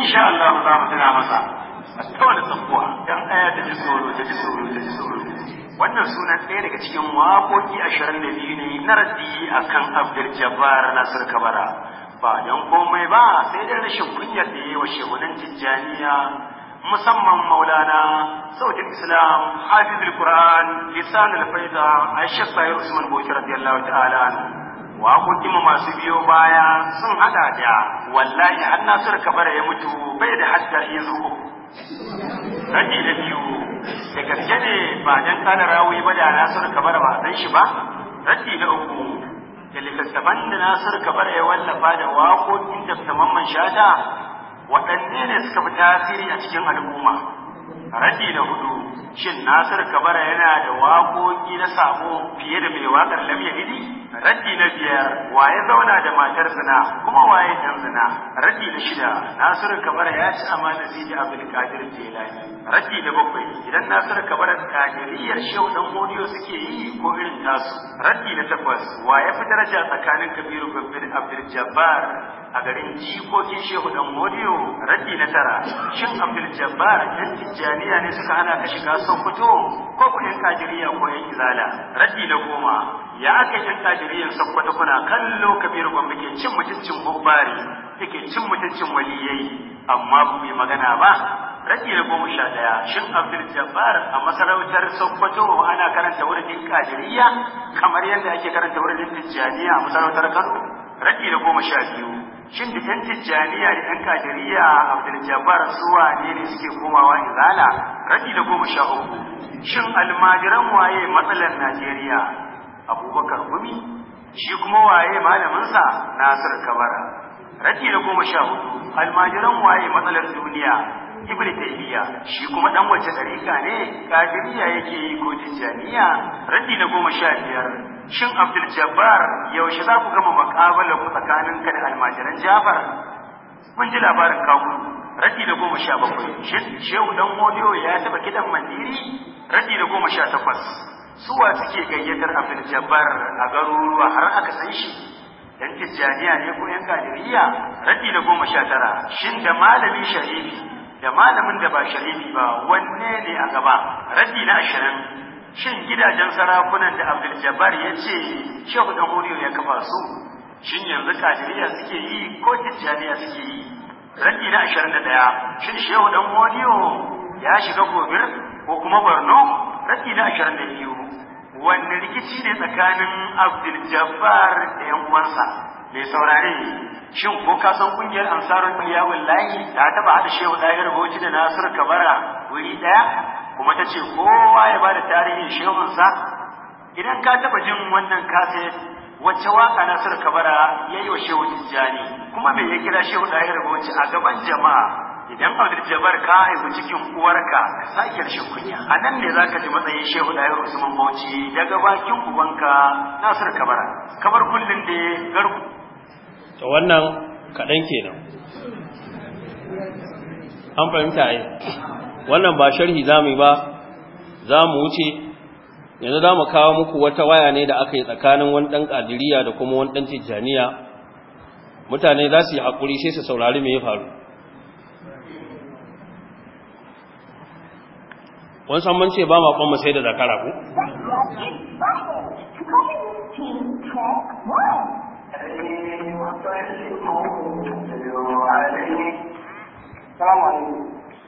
insha Allah za mu tana masa kawai da tsakuwa dan aya ta ji tsoro ta ji tsoro ta tsoro wannan sunan ɗaya daga cikin waƙoƙi ashirin da biyu ne na raddi a kan abdul jabbar nasir kabara ba don komai ba sai dai rashin kunyar da yi wa shehunan tijjaniya musamman maulana sautin islam hafizul qur'an lisan al-faida aisha sayyid usman boki radiyallahu ta'ala anhu waƙoƙin masu biyo baya sun hada da wallahi an nasir kabar ya mutu bai da hadda ya zo rage da biyu da gaske ne ba dan kana rawi ba da nasir kabar ba dan shi ba rage da uku da littattafan da nasir kabara ya wallafa da waƙoƙin da tamamman shata waɗanne ne suka fi tasiri a cikin al'umma rage da hudu shin Nasir Kabara yana da waƙoƙi na sabo fiye da mai waƙar lamya Yahidi? Raddi na biyar waye zauna da matar zina kuma waye dan zina? Raddi na shida Nasir Kabara ya ci amana zai ji abin kadir jelani Raddi na bakwai idan Nasir Kabara kadiriyar Shehu dan Godiyo suke yi ko irin tasu. Raddi na takwas waye fi daraja tsakanin Kabiru Gombe Abdul Jabbar a garin jikokin Shehu dan Godiyo? Raddi na tara shin Abdul Jabbar dan Tijjaniya ne suka hana ka shiga sokoto ko ku yan tajiriya ko yan izala raddi da goma ya aka yan kajiriyan sokoto kuna kallo kabiru ban muke cin mutuncin bubari yake cin mutuncin waliyai amma ku bai magana ba raddi na goma sha ɗaya shin abdul jabbar a masarautar sokoto ana karanta wurin kajiriya kamar yadda ake karanta wurin tijjaniya a masarautar kano raddi da goma sha biyu shin da yan tijjaniya da yan kajiriya abdul-jabbar suwa ne ne suke komawa izala rabi da goma sha uku shin almajiran waye matsalar najeriya abubakar gumi shi kuma waye malaminsa nasir kabara rabi da goma sha hudu almajiran waye matsalar duniya ibn taymiya shi kuma dan wace dariƙa ne kajiriya yake yi ko tijjaniya rabi da goma sha biyar shin Abdul Jabbar yaushe za ku gama makabalar ku tsakanin ka almajiran Jafar mun ji labarin kawo radi da goma sha bakwai shehu dan Moliyo ya taɓa kidan mandiri radi da goma sha takwas suwa suke gayyatar Abdul Jabbar a garuruwa har aka san shi dan tijjaniya ne ko yan kadiriya radi da goma sha tara shin da malami sharifi da malamin da ba sharifi ba wanne ne a gaba radi na ashirin shin gidajen sarakunan da Abdul Jabbar ya ce Shehu da Huriyo ya kafa su shin yanzu kadiriya suke yi ko Tijjaniya suke yi Ranni na 21 shin Shehu dan Huriyo ya shiga gobir ko kuma Borno Ranni na 22 wanne rikici ne tsakanin Abdul Jabbar da yan uwansa mai saurare shin ko ka san kungiyar Ansarul Qiyawallahi ta taba hada Shehu Dahir Bauchi da Nasir Kabara wuri daya kuma ta ce kowa ya ba da tarihin shehunsa idan ka taba jin wannan kaset wacce waka sur kabara ya yi wa shehu tijjani kuma me ya kira shehu ɗaya daga wacce a gaban jama'a idan abdul jabbar ka haihu cikin uwarka ka sake rashin kunya a nan ne zaka ji matsayin shehu da yaro usman bauchi daga bakin ubanka sur kabara kamar kullun da garku to wannan kaɗan kenan an fahimta ai wannan ba sharhi zamu ba zamu wuce yanzu zamu kawo muku wata waya ne da aka yi tsakanin wani dan kadiriya da kuma wani dan tijjaniya mutane za su yi hakuri sai su saurari me ya faru wani san mun ce ba ma kwan sai da zakara ku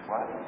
Thank you.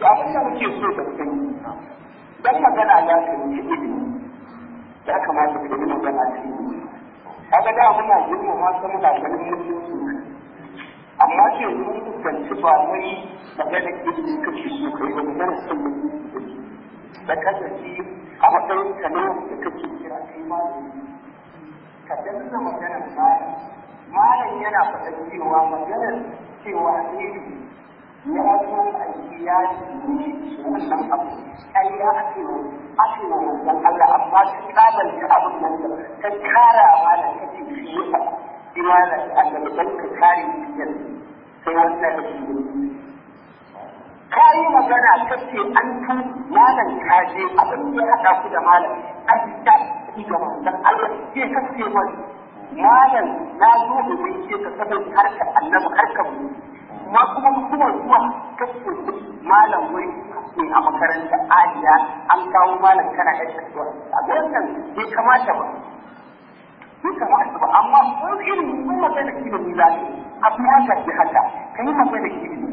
da abin da muke so da yi. dan magana ya sani ilimi ya kamata ku yi magana ce kaga da muna girmama ta muna ganin mutunci amma ce mun fuskanci ba wai magana ilimi kake so kai ba magana son da kasance a matsayin ka na da kake kira kai yi. ka danna maganar malam malam yana faɗa cewa maganar cewa iri. ya zo aiki ya yi wannan abu ya wannan amma ta kabanta abin nan ta kara ta kare kiyar sai yi magana ka ce an kan malam ka je abin ya haɗa ku da malam an ta Allah ke wani malam na zo da mai ka saboda harkar annabi harkar mu Kuma kuma kuma kuma kashe malam wuri ne a makaranta aliya an kawo malam kana yan kasuwa a ga wannan bai kamata ba bai kamata ba amma ko irin kun magana ilimi za a fi ya shafi haka ka yi magana ilimi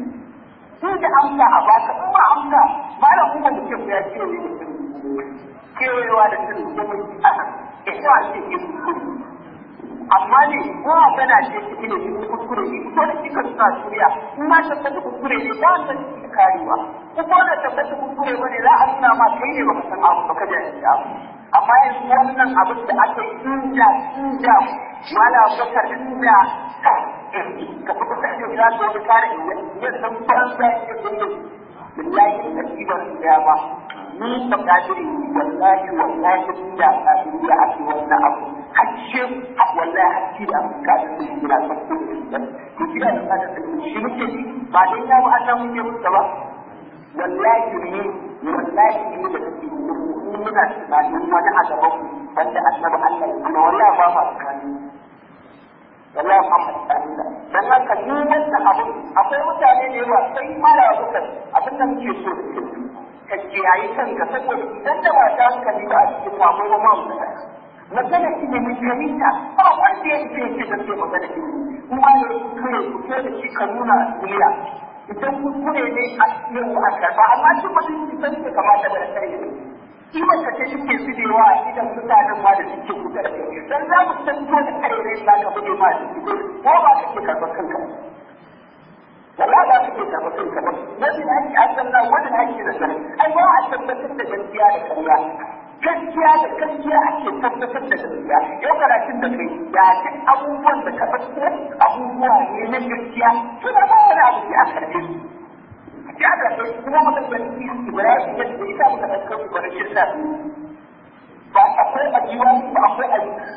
sai da amsa a baka kuma amsa malam kuma ke ya da ne kewayewa da sirri ko mai ana ya ce ce amma ne ko a kana ce shi ne kuskure ne ko da kika sa suriya in ma ta tafi kuskure ne ba ta ci karewa ko ko da ta tafi kuskure bane za a nuna ma kai ne ba san abu ba da ya amma yanzu wannan abin da aka yi inda inda mala bakar inda ka eh, ka fita da yau za ta wani kare ne yanzu ban da yake gudu billahi da kibar ya ba ni ba kafiri wallahi wallahi da kafiri ya ake wannan abu hacce wallahi hacce da abu kafiri ne na farko da to shi ne ba da shi ne? ba dai ya wa Allah muke mutu ba wallahi ne wallahi Ni da kake muna tunanin wani a gaban wanda annabi Allah ya kuma wallahi ba ma tsakani wallahi Muhammad dan haka ni wannan abu akwai mutane da yawa sai mara bukan abin da muke so da ka kiyaye kanka saboda idan da mata ka bi ta a cikin kwamo ba ma mutane magana ilimi kaminta ba wanda ya ce ce da ke magana ilimi kuma ne kure kuke da shi ka nuna a duniya idan kuskure ne a yau a karɓa, amma shi mutum shi san ke kamata da kai ne kima ka ce shi yawa a idan mutanen ma da suke kuka da kai dan za mu san dole kai ne za ka bude ma da shi ko ba ka ke karɓar kanka za talaba suke da mutum kamar wajen haƙƙi an sanna wajen haƙƙi da sani ai ba a tabbatar da gaskiya da ƙarya gaskiya da gaskiya ake tabbatar da gaskiya yau karatun da kai ya duk abubuwan da ka ɗauko abubuwa ne na gaskiya suna ba wani abu da a karɓe su ya da kuma mutum da Ibrahim ya ce ita mutum da kan kuma shirka ba akwai a jiwa ba akwai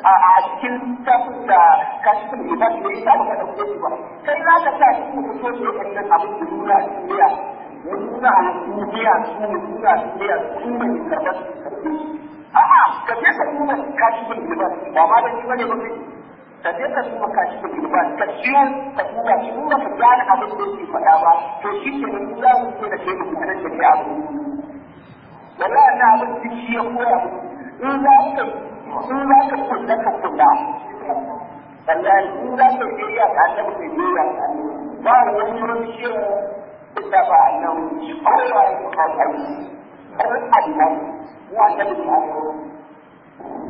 a cikin tafin da kashifin ibad ne ya samu kaɗan kuɗi ba Sai za ka sa shi ku so ne ɗan nan abin da nuna a duniya nuna a duniya su ne nuna a duniya su ne ne karɓar su karɓe a'a ka je ka nuna kashifin ibad ba ma da shi bane ba ne ka je ka duba kashifin ibad ka ciyo ka duba shi kuma ka gane abin da yake faɗa ba to shi ke nan za mu ce da kai da kuma nan da ke abu wallahi na abin da shi ya koya mu in za ka in za ka kunna ka in za ka ka ka ba wani wani ba shi kowa ya kai har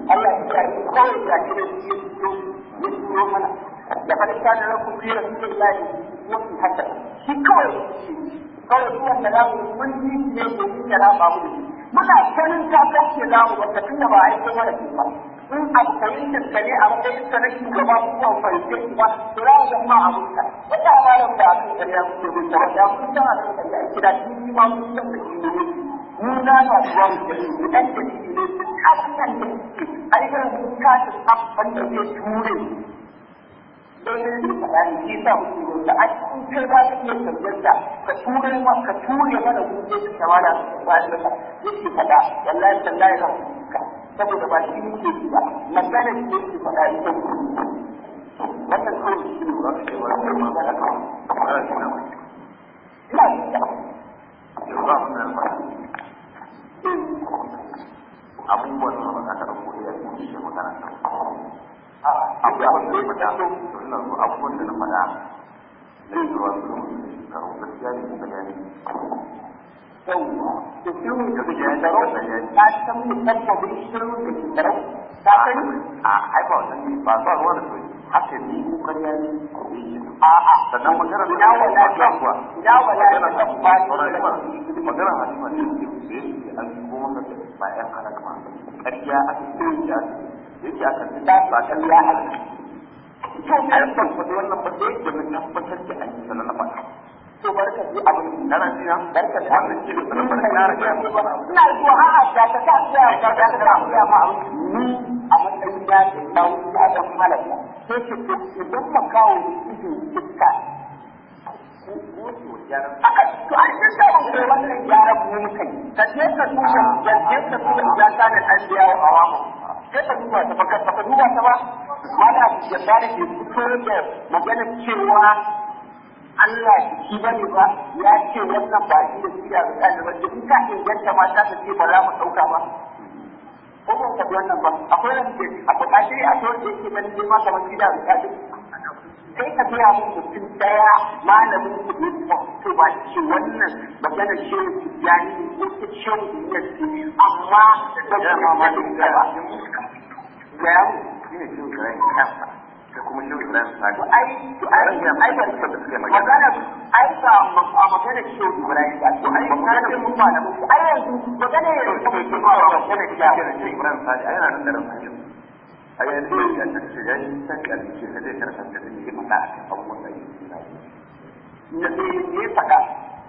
Allah ya kawai ka kira shi ya fito ya fito mana da farka da haka shi kawai kawai kuma da ramu mun yi ne domin ya raba mu da shi muna sanin ta kace za mu wata tunda ba a yi kuma da ba in a fahimtar ka a matsayin sa na shugaba ba ku ba to za mu zama a mutu wata ba da aka yi ya fito da ta wata kun san abin da ya kira shi ma mun san da shi ne mun na ba zuwa mu da shi dan da shi ne har kan da ai ga mun ka ta da ke ture sojojin su faɗa ne shi sa da an in kai ba ka iya tarbiyyarsa ka ture ma ka ture mana hujjojin da mana ba da ka yake faɗa wallahi tallahi ka ka saboda ba shi yake yi ba magana shi yake faɗa ita ce wannan kawai shi ne ba ka ce ba ma ba ka ba shi na ina da ba mu nan ba abubuwan da ba ka ta ko ya ce shi magana akwai abin da ya abubuwan da na faɗa na yi ruwan su karo gaskiya ne ko da da ta ta yake a kan ta ba kan ya aiki to ai ban faɗi ba sai da mun ba to barka ji abin nan ji na barka da abin ji nan barka na rage ina zuwa a a da ta ta ta ta ta ta ta ma ni a matsayin da ke dawo da kan malaka sai ki ki don makawo ido dukka to an shi sa ba ko wannan yaran mu kai ka je ka tuka ka ka tuka ya ta da an biya wa awamu sai ta duba ta baka ka duba ta ba mala ya tsare ke fito da magana cewa Allah shi bane ba ya ce wannan ba shi da shi a kalmar da in ka inganta ma ta ce ba za mu dauka ba ko ba ka wannan ba akwai wanda a kuɗa shi a to da yake ban ma kamar gida da sai ka biya mun mutum daya malamin ku ne ba ce wannan gana ce ya ni ce ya ce amma da ba ma ma da ba ya ne jin kai ne da kuma jin kai kansa ai ai ai ba ta da kai magana ai ba a magana ce Ibrahim ba to ai magana ce mun malamin ai yanzu magana ne ta ba magana ce Ibrahim sai ai na nan da ran a yanzu ya tantance ya yi san ƙarfi ka zai karfa da zai yi mana a kan abubuwan da yake da shi ya ce eh, ya faɗa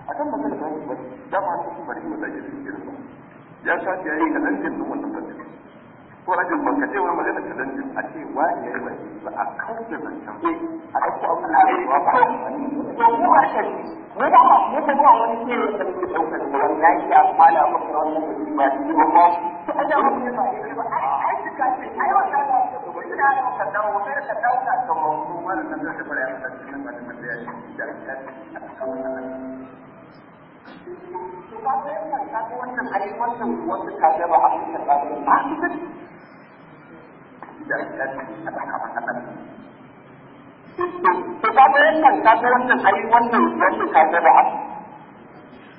a kan magana da wani kuma ya sa wannan ko ka wani magana kalan a ce wa ba a kan da zancen a ɗauko abin da ya ba ba a kan mu da ma ne da ba wani ke da ke wani ya yi a mala a makarar ba shi ba to a da wani ba ya eh, wannan ai wannan ba a cikin kaje ba da ya ci a kama kadan to kaje wannan kaje wannan ba a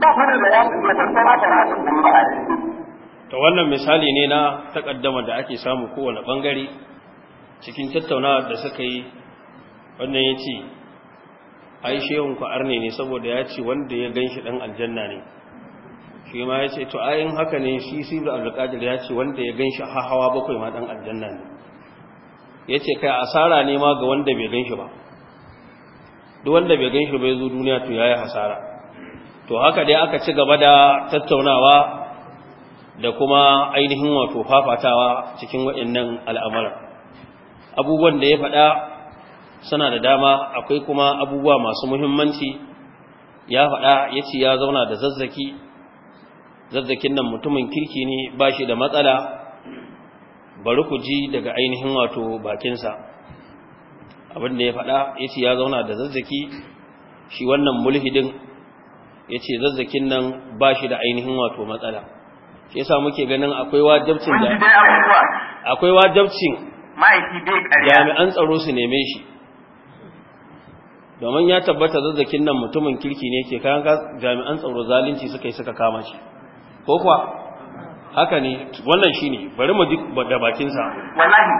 ta wannan misali ne na takaddama da ake samu kowane bangare cikin tattauna da suka yi wannan ya ce ai shehun ku arne ne saboda ya ce wanda ya gan shi ɗan aljanna ne shi ma ya ce to ayin haka ne shi sibu alƙajir ya ce wanda ya gan shi hawa bakwai ma ɗan aljanna ne ya ce kai asara ne ma ga wanda bai gan shi ba duk wanda bai gan shi bai zo duniya to ya yi hasara to haka dai aka ci gaba da tattaunawa da kuma ainihin wato fafatawa cikin waɗannan al'amuran abubuwan da ya faɗa suna da dama akwai kuma abubuwa masu muhimmanci ya faɗa ya ce ya zauna da zazzaki zazzakin nan mutumin kirki ne ba shi da matsala bari ku ji daga ainihin wato bakinsa abinda ya faɗa ya ce ya zauna da zazzaki shi wannan mulhidin Ya ce zazzakin nan ba shi da ainihin wato matsala shi yasa muke ganin akwai wajabcin da akwai wajabcin jami'an tsaro su neme shi domin ya tabbata zazzakin nan mutumin kirki ne ke kayan jami'an tsaro zalunci suka yi suka kama shi ko kuwa haka ne wannan shi ne bari mu da bakinsa wallahi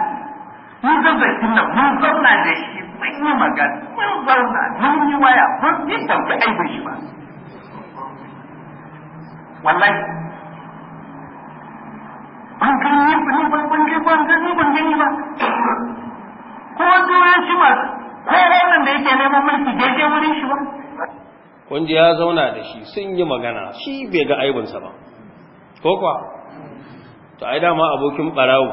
mun zazzakin nan mun zauna da shi mun yi magana mun zauna mun yi waya mun yi sauƙi aibin shi ba wallahi ban gani ne ban ban gani ban gani ban gani ba ko turan shi ba, ko wannan da yake neman mulki daidai wurin shi ba kun ji ya zauna da shi sun yi magana shi bai ga aibinsa ba ko kuwa to ai dama abokin barawo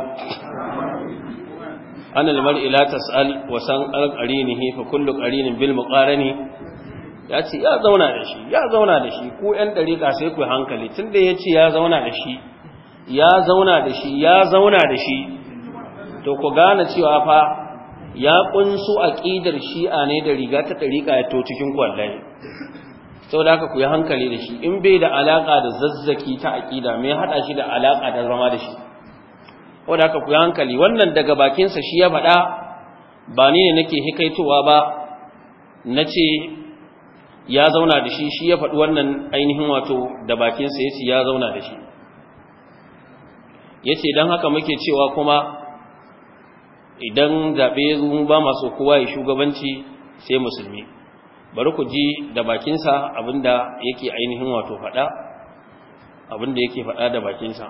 an almar ila tas'al wa san al qarinihi fa kullu qarinin bil muqarani ya ce ya zauna da shi ya zauna da shi ko yan dariƙa sai ku hankali tun da ya ce ya zauna da shi ya zauna da shi ya zauna da shi to ku gane cewa fa ya a aqidar shi'a ne da riga ta dariƙa ya to cikin kwallaye saboda haka ku yi hankali da shi in bai da alaƙa da zazzaki ta aƙida mai haɗa shi da alaƙa da zama da shi saboda haka ku yi hankali wannan daga bakinsa shi ya faɗa ba ni ne nake hikaitowa ba na ce. ya zauna da shi shi ya faɗi wannan ainihin wato da bakinsa ya ce ya zauna da shi ya ce don haka muke cewa kuma idan zaɓe zuwa ba masu kowa ya shugabanci sai musulmi bari ku ji da bakinsa abinda yake ainihin wato faɗa abinda yake faɗa da bakinsa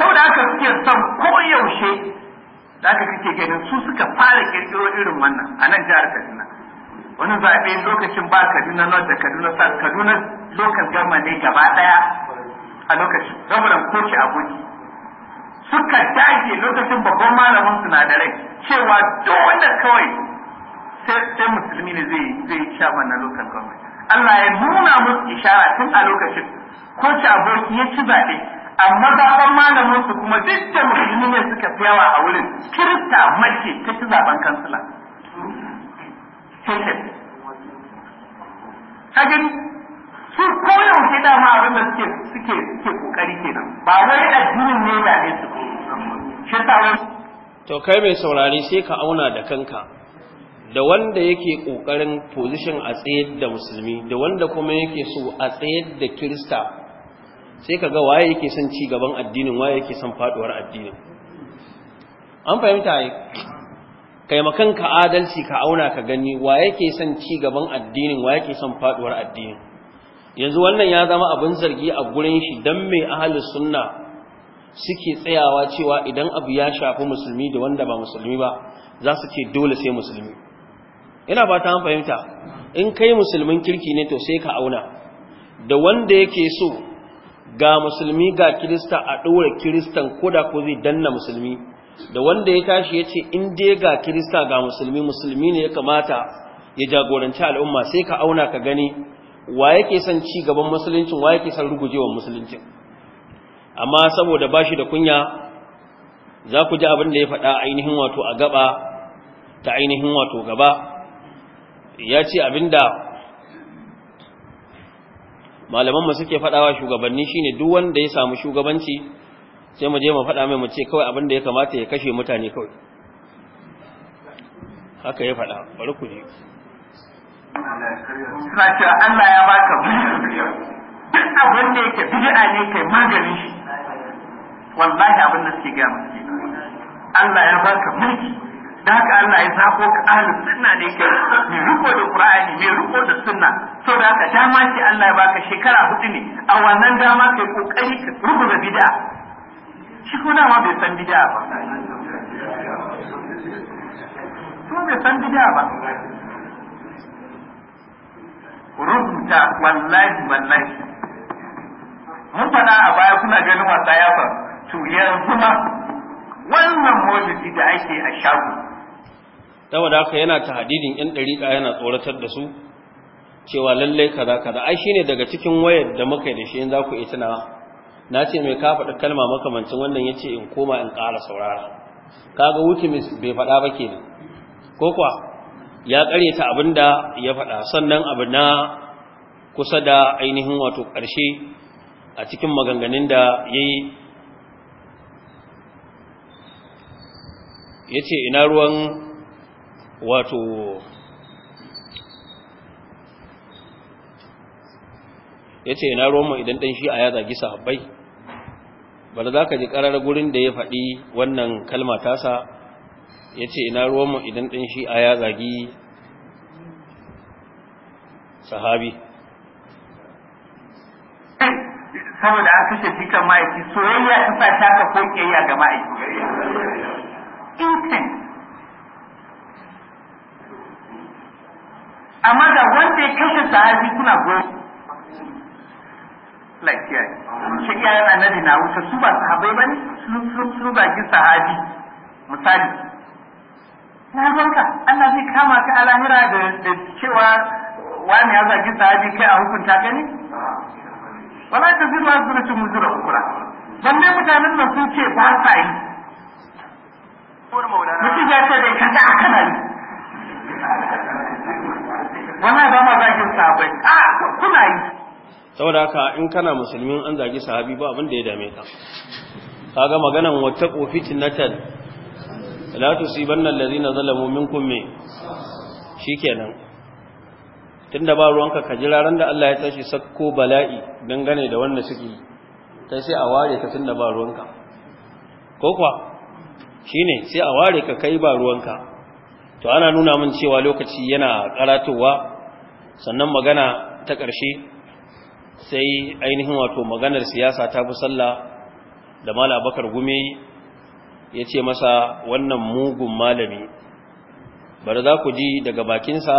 sau da aka suke son koyaushe da aka kake ganin su suka fara kirkiro irin wannan a nan jihar Kaduna wani zaɓe lokacin ba Kaduna North da Kaduna South Kaduna local government ne gaba ɗaya a lokacin rabaran koki a guji suka dage lokacin babban malamin sinadarai cewa duk wanda kawai sai musulmi ne zai zai sha wannan local government Allah ya nuna musu ishara tun a lokacin ko aboki ya ci zaɓe amma zaben malamin su kuma duk da musulmi ne suka fi yawa a wurin kirista mace ta ci zaben kansila ka gani su koyaushe dama abin da suke suke suke kokari kenan ba wai addinin ne da ne su shi sa to kai mai saurari sai ka auna da kanka da wanda yake ƙoƙarin position a tsayar da musulmi da wanda kuma yake so a tsayar da kirista sai ka ga waye yake son ci gaban addinin waye yake son faduwar addinin an fahimta ai kai makan ka adalci ka auna ka gani waye yake son ci gaban addinin waye yake son faduwar addinin yanzu wannan ya zama abin zargi a gurin shi dan mai ahlus sunna suke tsayawa cewa idan abu ya shafi musulmi da wanda ba musulmi ba za su ce dole sai musulmi ina ba ta fahimta in kai musulmin kirki ne to sai ka auna da wanda yake so ga musulmi ga kirista a ɗora kiristan koda ko zai danna musulmi da wanda ya tashi ya ce in dai ga kirista ga musulmi musulmi ne ya kamata ya jagoranci al'umma sai ka auna ka gani wa yake son ci gaban musuluncin wa yake son rugujewar musuluncin amma saboda ba shi da kunya za ku ji abin da ya faɗa ainihin wato a gaba ta ainihin wato gaba ya ce da. malaman mu suke faɗawa shugabanni shine duk wanda ya samu shugabanci sai mu je mu faɗa mai mu ce kawai abin da ya kamata ya kashe mutane kawai haka ya faɗa bari ku ji suna cewa Allah ya baka duk abin da yake bid'a ne kai maganin shi wallahi abin da suke ga Allah ya baka mulki da haka Allah ya sako ka ahlus sunna ne kai mai riko da Qur'ani mai riko da sunna to da haka dama ce Allah ya baka shekara hudu ne a wannan dama kai kokari ka rubuta bid'a shi ko dama bai san bid'a ba to bai san bid'a ba rubuta wallahi wallahi mun fada a baya kuna ganin wasa ya faru to yanzu ma wannan motsi da ake a shago saboda haka yana tahdidin yan dariƙa yana tsoratar da su cewa lallai kaza kaza ai shine daga cikin wayar da muka yi da shi in za ku yi tunawa na ce mai ka faɗa kalma makamancin wannan ya ce in koma in ƙara saurara kaga wikimis bai faɗa ba ke nan ko kuwa ya ta abin da ya faɗa sannan abu na kusa da ainihin wato ƙarshe a cikin maganganun da ya yi ya ce ina ruwan wato ya ce na roma idan ɗan shi a ya zagi sahabbai ba da za ka ji ƙarar gurin da ya faɗi wannan kalma tasa ya ce na roma idan ɗan shi a ya zagi sahabi saboda a kashe fitan ma'aiki soyayya ta sa ta ko ƙiyayya ga ma'aiki amma da wanda ya kashe sahabi kuna goyon lafiya shi yana annabi na wuce su ba sahabai bane su ba ki sahabi misali na zanka Allah zai kama ka a lahira da cewa wani ya zagi sahabi kai a hukunta ka ne wala ta zira wa zura tun zura ukura balle mutanen da sun ce ba sa yi mutum ya ce bai kada a kana yi wallahi ba ma zagin a kuna yi saboda haka in kana musulmin an zagi sahabi ba abin da ya dame ka kaga maganan wattaqu fitnatan la tusibanna allazina zalamu minkum me shikenan tunda ba ruwanka ka jira ran da Allah ya tashi sakko bala'i dangane da wannan suke Ta sai a ware ka tunda ba ruwanka ko kuwa shine sai a ware ka kai ba ruwanka to ana nuna min cewa lokaci yana karatuwa sannan magana ta ƙarshe sai ainihin wato maganar siyasa ta fi sallah da mala bakar gume ya ce masa wannan mugun malami bari za ku ji daga bakinsa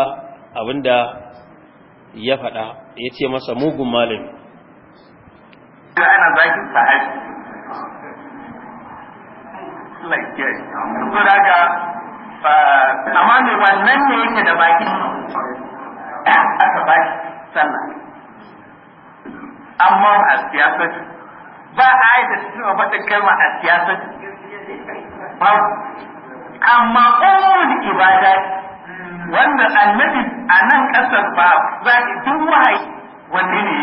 abinda ya faɗa ya ce masa mugun malami ana zakin sahabi like amma ne wannan ne yake da bakin aka ba shi sannan. amma a siyasa ba a yi da su a faɗin kalma a siyasa ba amma umul ibada wanda annabi a nan ƙasar ba za a duk wahayi wanne ne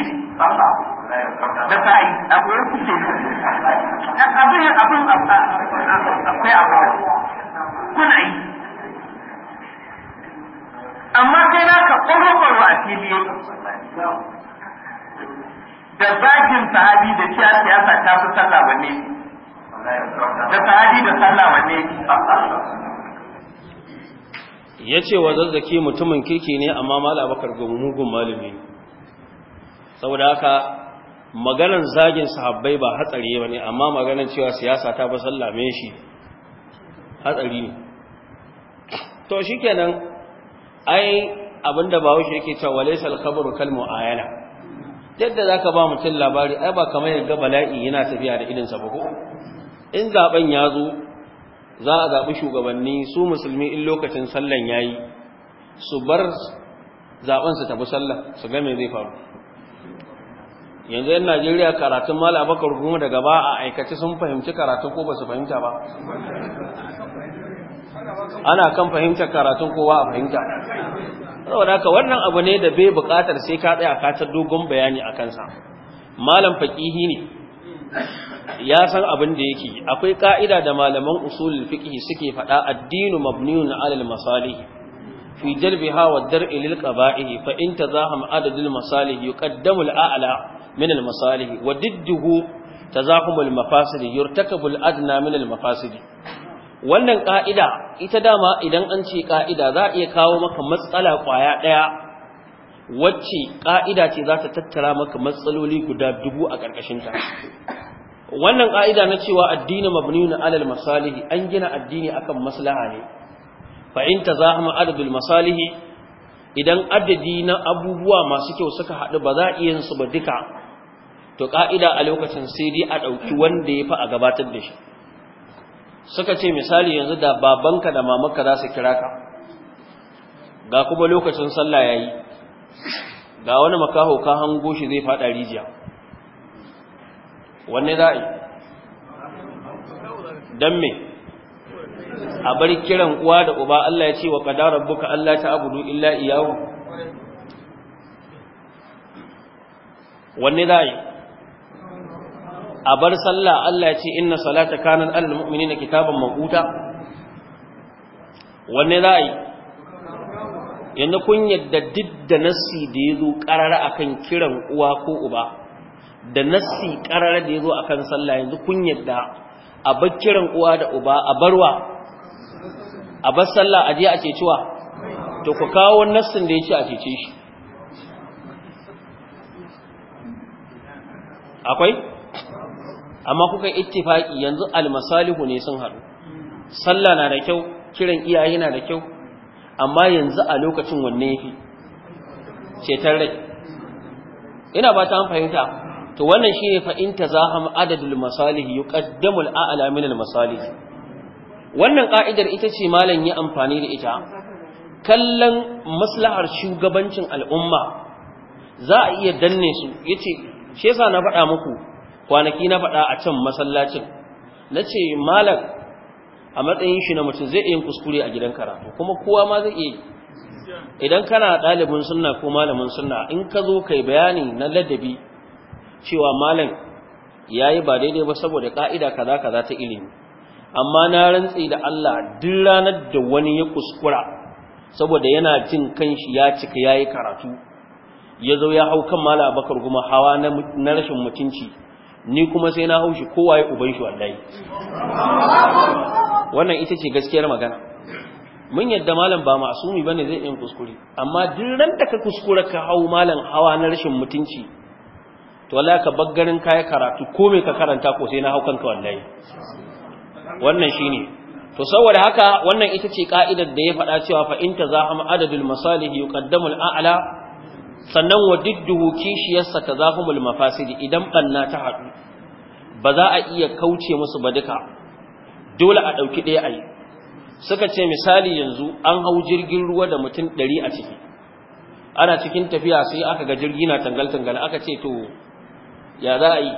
da sa'i akwai kuke abin abin akwai abu kuna yi amma sai na ka kwaro a fili da zafin sahabi da ciya siyasa ta fi sallah wanne da sahabi da sallah wanne ya ce wa zazzaki mutumin kirki ne amma mala bakar mugun malami saboda haka maganan zagin sahabbai ba hatsari ba ne amma maganan cewa siyasa ta fi sallame shi hatsari ne to shi kenan ai abinda ba wuce yake cewa walaysal khabaru kal muayana yadda zaka ba mutum labari ai ba kamar yadda bala'i yana tafiya da idan sa ba ko in zaben ya zo za a zabi shugabanni su musulmi in lokacin sallan yayi su bar zaben su tafi sallah su ga me zai faru yanzu yan Najeriya karatun Malam Abubakar Goma daga ba a aikace sun fahimci karatu ko ba su fahimta ba ana kan fahimtar karatun kowa a fahimta saboda haka wannan abu ne da bai buƙatar sai ka tsaya ka ta dogon bayani a kansa malam faqihi ne ya san abin da yake akwai ka'ida da malaman usulul fiqh suke faɗa addinu mabniun 'ala al-masalih fi jalbiha wa dar'i lil qaba'ih fa in tazaham adadul masalih yuqaddamu al-a'la min al-masalih wa didduhu tazahumul mafasid yurtakabu al-adna min al-mafasid wannan ƙa'ida ita dama idan an ce ƙa'ida za a iya kawo maka matsala ƙwaya ɗaya wacce ƙa'ida ce za ta tattara maka matsaloli guda dubu a ƙarƙashinta wannan ƙa'ida na cewa addini mabni na alal masalihi an gina addini akan maslaha ne ta za a ma'adadul masalihi idan adadi na abubuwa masu kyau suka haɗu ba za a iya su ba duka to ƙa'ida a lokacin sai dai a ɗauki wanda ya fi a gabatar da shi suka ce misali yanzu da babanka da mamanka za su kira ka ga kuma lokacin sallah ya yi. ga wani makaho ka hango shi zai fada rijiya wanne za a yi don me a bari kiran uwa da uba Allah ya ce wa qadara Allah ta abudu illa iyawu wanne za a yi a bar sallah Allah ya ce inna salata kanan alal mu'minina kitaban maquta wanne za a yi yanzu kun yadda duk da nassi da ya zo karara akan kiran uwa ko uba da nassi karara da ya zo akan sallah yanzu kun yadda a bar kiran uwa da uba a barwa a bar sallah a je a cewa to ku kawo nassin da ya ce a cece shi akwai amma kuka ittifaki yanzu almasalihu ne sun haɗu sallah na da kyau kiran iyaye na da kyau amma yanzu a lokacin wanne yafi cetar rai ina ba ta fahimta to wannan shine fa in tazaham adadul masalih yuqaddamu al min wannan ƙa'idar ita ce malam ya amfani da ita kallon maslahar shugabancin al'umma za a iya danne su yace shi yasa na faɗa muku kwanaki na faɗa a can masallacin na ce malam a matsayin shi na mutum zai iya kuskure a gidan karatu kuma kowa ma zai iya idan kana ɗalibin suna ko malamin suna in ka zo kai bayani na ladabi cewa malam yi ba daidai ba saboda ƙa'ida kaza kaza ta ilimi amma na rantsi da Allah duk ranar da wani ya kuskura saboda yana jin kanshi ya cika ya yi karatu ya zo ya hau kan mala bakar kuma hawa na rashin mutunci ni kuma sai na haushi kowa ya uban shi wallahi wannan ita ce gaskiyar magana mun yadda malam ba masumi bane zai yin kuskure amma duk ran da ka kuskura ka hau malam hawa na rashin mutunci to wallahi ka baggarin kai karatu ko me ka karanta ko sai na hau kanka wallahi wannan shine to saboda haka wannan ita ce ka'idar da ya faɗa cewa fa in tazahama adadul masalih yuqaddamu al a'la sannan wa didduhu kishiyarsa ta zahumul mafasidi idan banna ta haɗu ba za a iya kauce musu ba duka dole a ɗauki ɗaya a yi suka ce misali yanzu an hau jirgin ruwa da mutum ɗari a ciki ana cikin tafiya sai aka ga jirgi na tangal-tangal aka ce to ya za a yi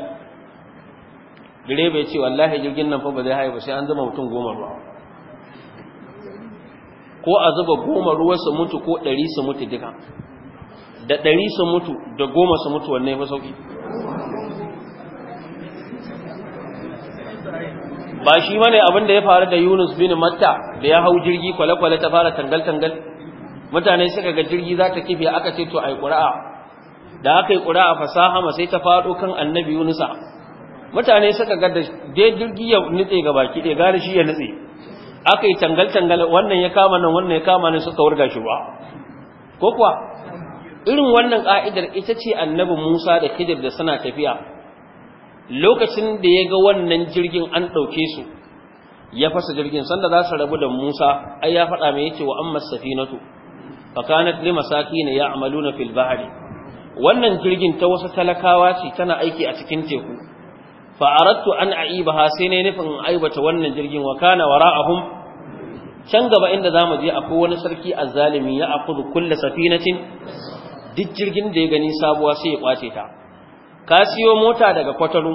direba ya ce wallahi jirgin nan fa ba zai haifu sai an zama mutum goma ruwa ko a zuba goma ruwa su mutu ko ɗari su mutu duka da ɗari sun mutu da goma sun mutu wannan ya sauƙi ba shi mane abin da ya faru da yunus bin matta da ya hau jirgi kwale-kwale ta fara tangal-tangal mutane suka ga jirgi za ta kife aka ce to a yi ƙura'a da aka yi ƙura'a fasahama sai ta faɗo kan annabi yunusa mutane suka ga da dai jirgi ya nutse ga baki ɗaya gari shi ya nutse aka yi tangal-tangal wannan ya kama nan wannan ya kama nan suka wurga shi ba ko kuwa irin wannan ƙa'idar ita ce annabi Musa da Khidir da suna tafiya lokacin da ya ga wannan jirgin an ɗauke su ya fasa jirgin sanda za su rabu da Musa ai ya faɗa mai yace wa amma safinatu fa kanat li ya amalu na bahri wannan jirgin ta wasu talakawa ce tana aiki a cikin teku fa a'i an ha sai ne nufin aibata wannan jirgin wa kana wara'ahum can gaba inda za mu je akwai wani sarki azzalimi ya akudu kulle safinacin? duk jirgin da ya gani sabuwa sai ya kwace ta ka siyo mota daga kwatano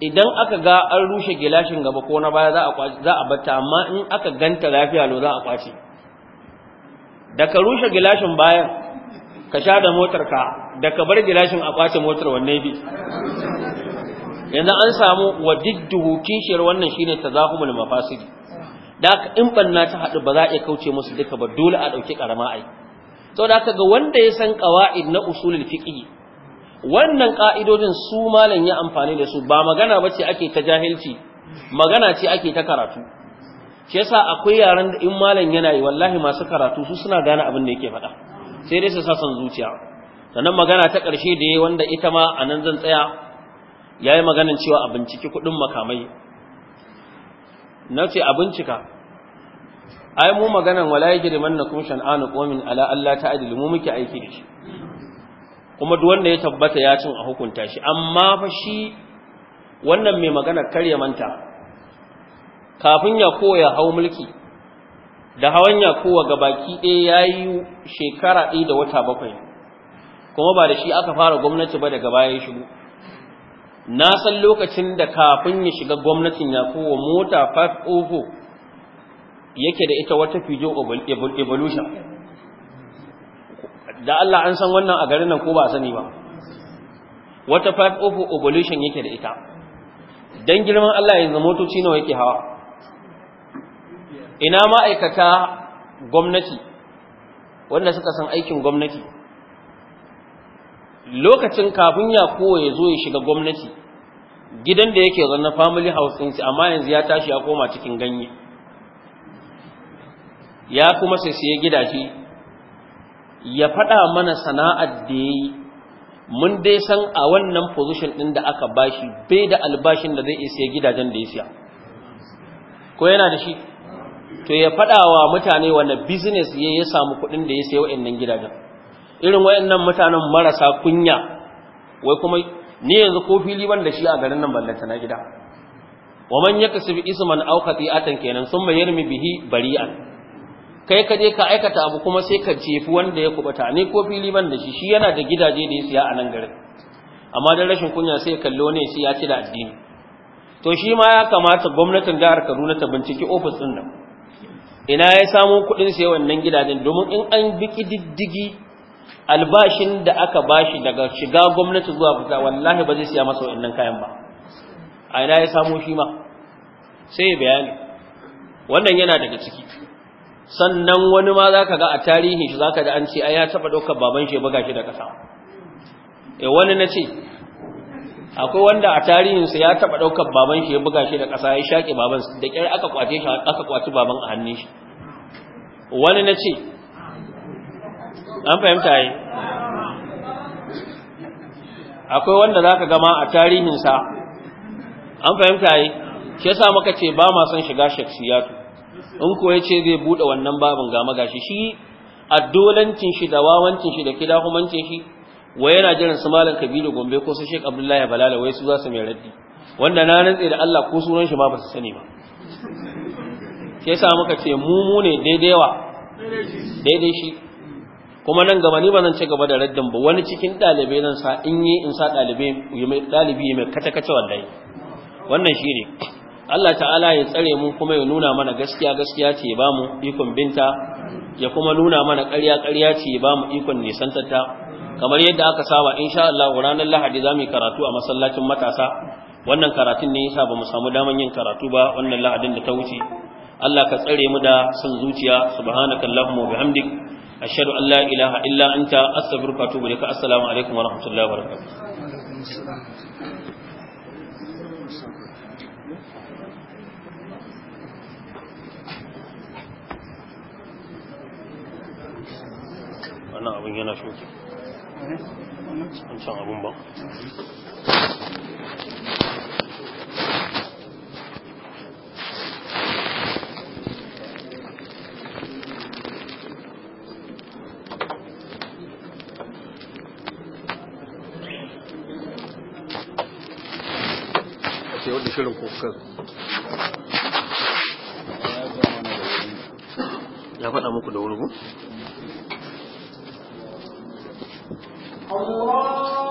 idan aka ga an rushe gilashin gaba ko na baya za a batta amma in aka ganta lafiya lo za a kwace da ka rushe gilashin bayan ka sha da motar da ka bar gilashin a kwace motar wanne bi yanzu an samu wa didduhu kishiyar wannan shine tazahumul mafasidi da in banna ta haɗu ba za a iya kauce musu duka ba dole a ɗauki ƙarama ai sau da ga wanda ya san qawaid na usulul fiƙi wannan ƙa'idodin su malam ya amfani da su ba magana ba ce ake ta jahilci magana ce ake ta karatu shi yasa akwai yaran da in malam yana yi wallahi masu karatu su suna gane abin da yake faɗa sai dai su sa son zuciya sannan magana ta ƙarshe da ya wanda ita ma a nan zan tsaya ya yi maganin cewa a binciki kuɗin makamai na ce a bincika ai mu maganan wala yajrimannakum shan'anu qawmin ala ta ta'dilu mu muke aiki da shi kuma duk wanda ya tabbata ya cin a hukunta shi amma fa shi wannan mai magana karya manta kafin ya koya hau mulki da hawan ya kowa baki ɗaya yayi shekara ɗaya da wata bakwai kuma ba da shi aka fara gwamnati ba daga baya ya shigo na san lokacin da kafin ya shiga gwamnatin ya kowa mota ofo oh yake da ita wata fijo evolution da Allah an san wannan a garin nan ko ba sani ba wata of evolution yake da ita dan girman Allah yanzu motoci nawa yake hawa ina ma'aikata gwamnati wanda suka san aikin gwamnati lokacin kafin ya kowa ya zo ya shiga gwamnati gidan da yake zanna family house ɗinsu amma yanzu ya tashi ya koma cikin ganye ya kuma sai siye gidaje ya faɗa mana sana'ar da ya mun dai san a wannan position ɗin da aka bashi bai da albashin da zai sai gidajen da ya siya ko yana da shi to ya fada wa mutane wanda business ya ya samu kuɗin da ya siya wa'annan gidajen irin wa'annan mutanen marasa kunya wai kuma ni yanzu ko fili ban da shi a garin nan ballanta na gida wa man yakasib isman aw khati'atan kenan summa yarmi bihi bari'an kai ka je ka aikata abu kuma sai ka cefi wanda ya kubata ni ko fili ban da shi shi yana da gidaje da ya siya a nan garin amma dan rashin kunya sai kallo ne sai ya ci da addini to shi ma ya kamata gwamnatin jihar Kaduna ta binciki ofis din nan ina ya samu kuɗin sai wannan gidajen domin in an bi diddigi albashin da aka bashi daga shiga gwamnati zuwa fita wallahi ba zai siya masa wannan kayan ba a ina ya samu shi ma sai ya bayani wannan yana daga ciki sannan wani ma za ka ga a tarihin shi za ka da an ce ya taɓa ɗaukar baban shi buga shi da ƙasa e wani na ce akwai wanda a tarihinsa ya taɓa ɗaukar baban shi ya buga shi da ƙasa ya shaƙe baban da ƙyar aka kwace shi aka kwace baban a hannun shi wani na ce an fahimta yi akwai wanda za ka gama a tarihinsa an fahimta yi shi yasa muka ce ba ma son shiga shaksiyatu in ko ya ce zai buɗe wannan babin ga magashi shi addolancin shi da wawancin shi da kidahumancin shi wa yana jiran su malam kabiru gombe ko su sheik abdullahi balala wai su za su mai raddi wanda na rantse da allah ko sunan shi ma ba su sani ba Ke yasa muka ce mu mu ne daidai wa daidai shi kuma nan gaba ni ba zan ci gaba da raddin ba wani cikin ɗalibai zan sa in yi in sa ɗalibi mai kata-kata wallahi wannan shi ne Allah ta'ala ya tsare mu kuma ya nuna mana gaskiya gaskiya ce ya bamu ikon binta ya kuma nuna mana ƙarya ƙarya ce ya bamu ikon nisantarta kamar yadda aka saba insha Allah ranar Lahadi za mu karatu a masallacin matasa wannan karatun ne yasa ba mu samu daman yin karatu ba wannan Lahadin da ta wuce Allah ka tsare mu da san zuciya subhanakallahumma wa bihamdik ashhadu an la ilaha illa anta astaghfiruka wa atubu ilaik assalamu alaikum wa rahmatullahi wa barakatuh wannan abin yana shoki can abin ba ya faɗa muku da wuri Allah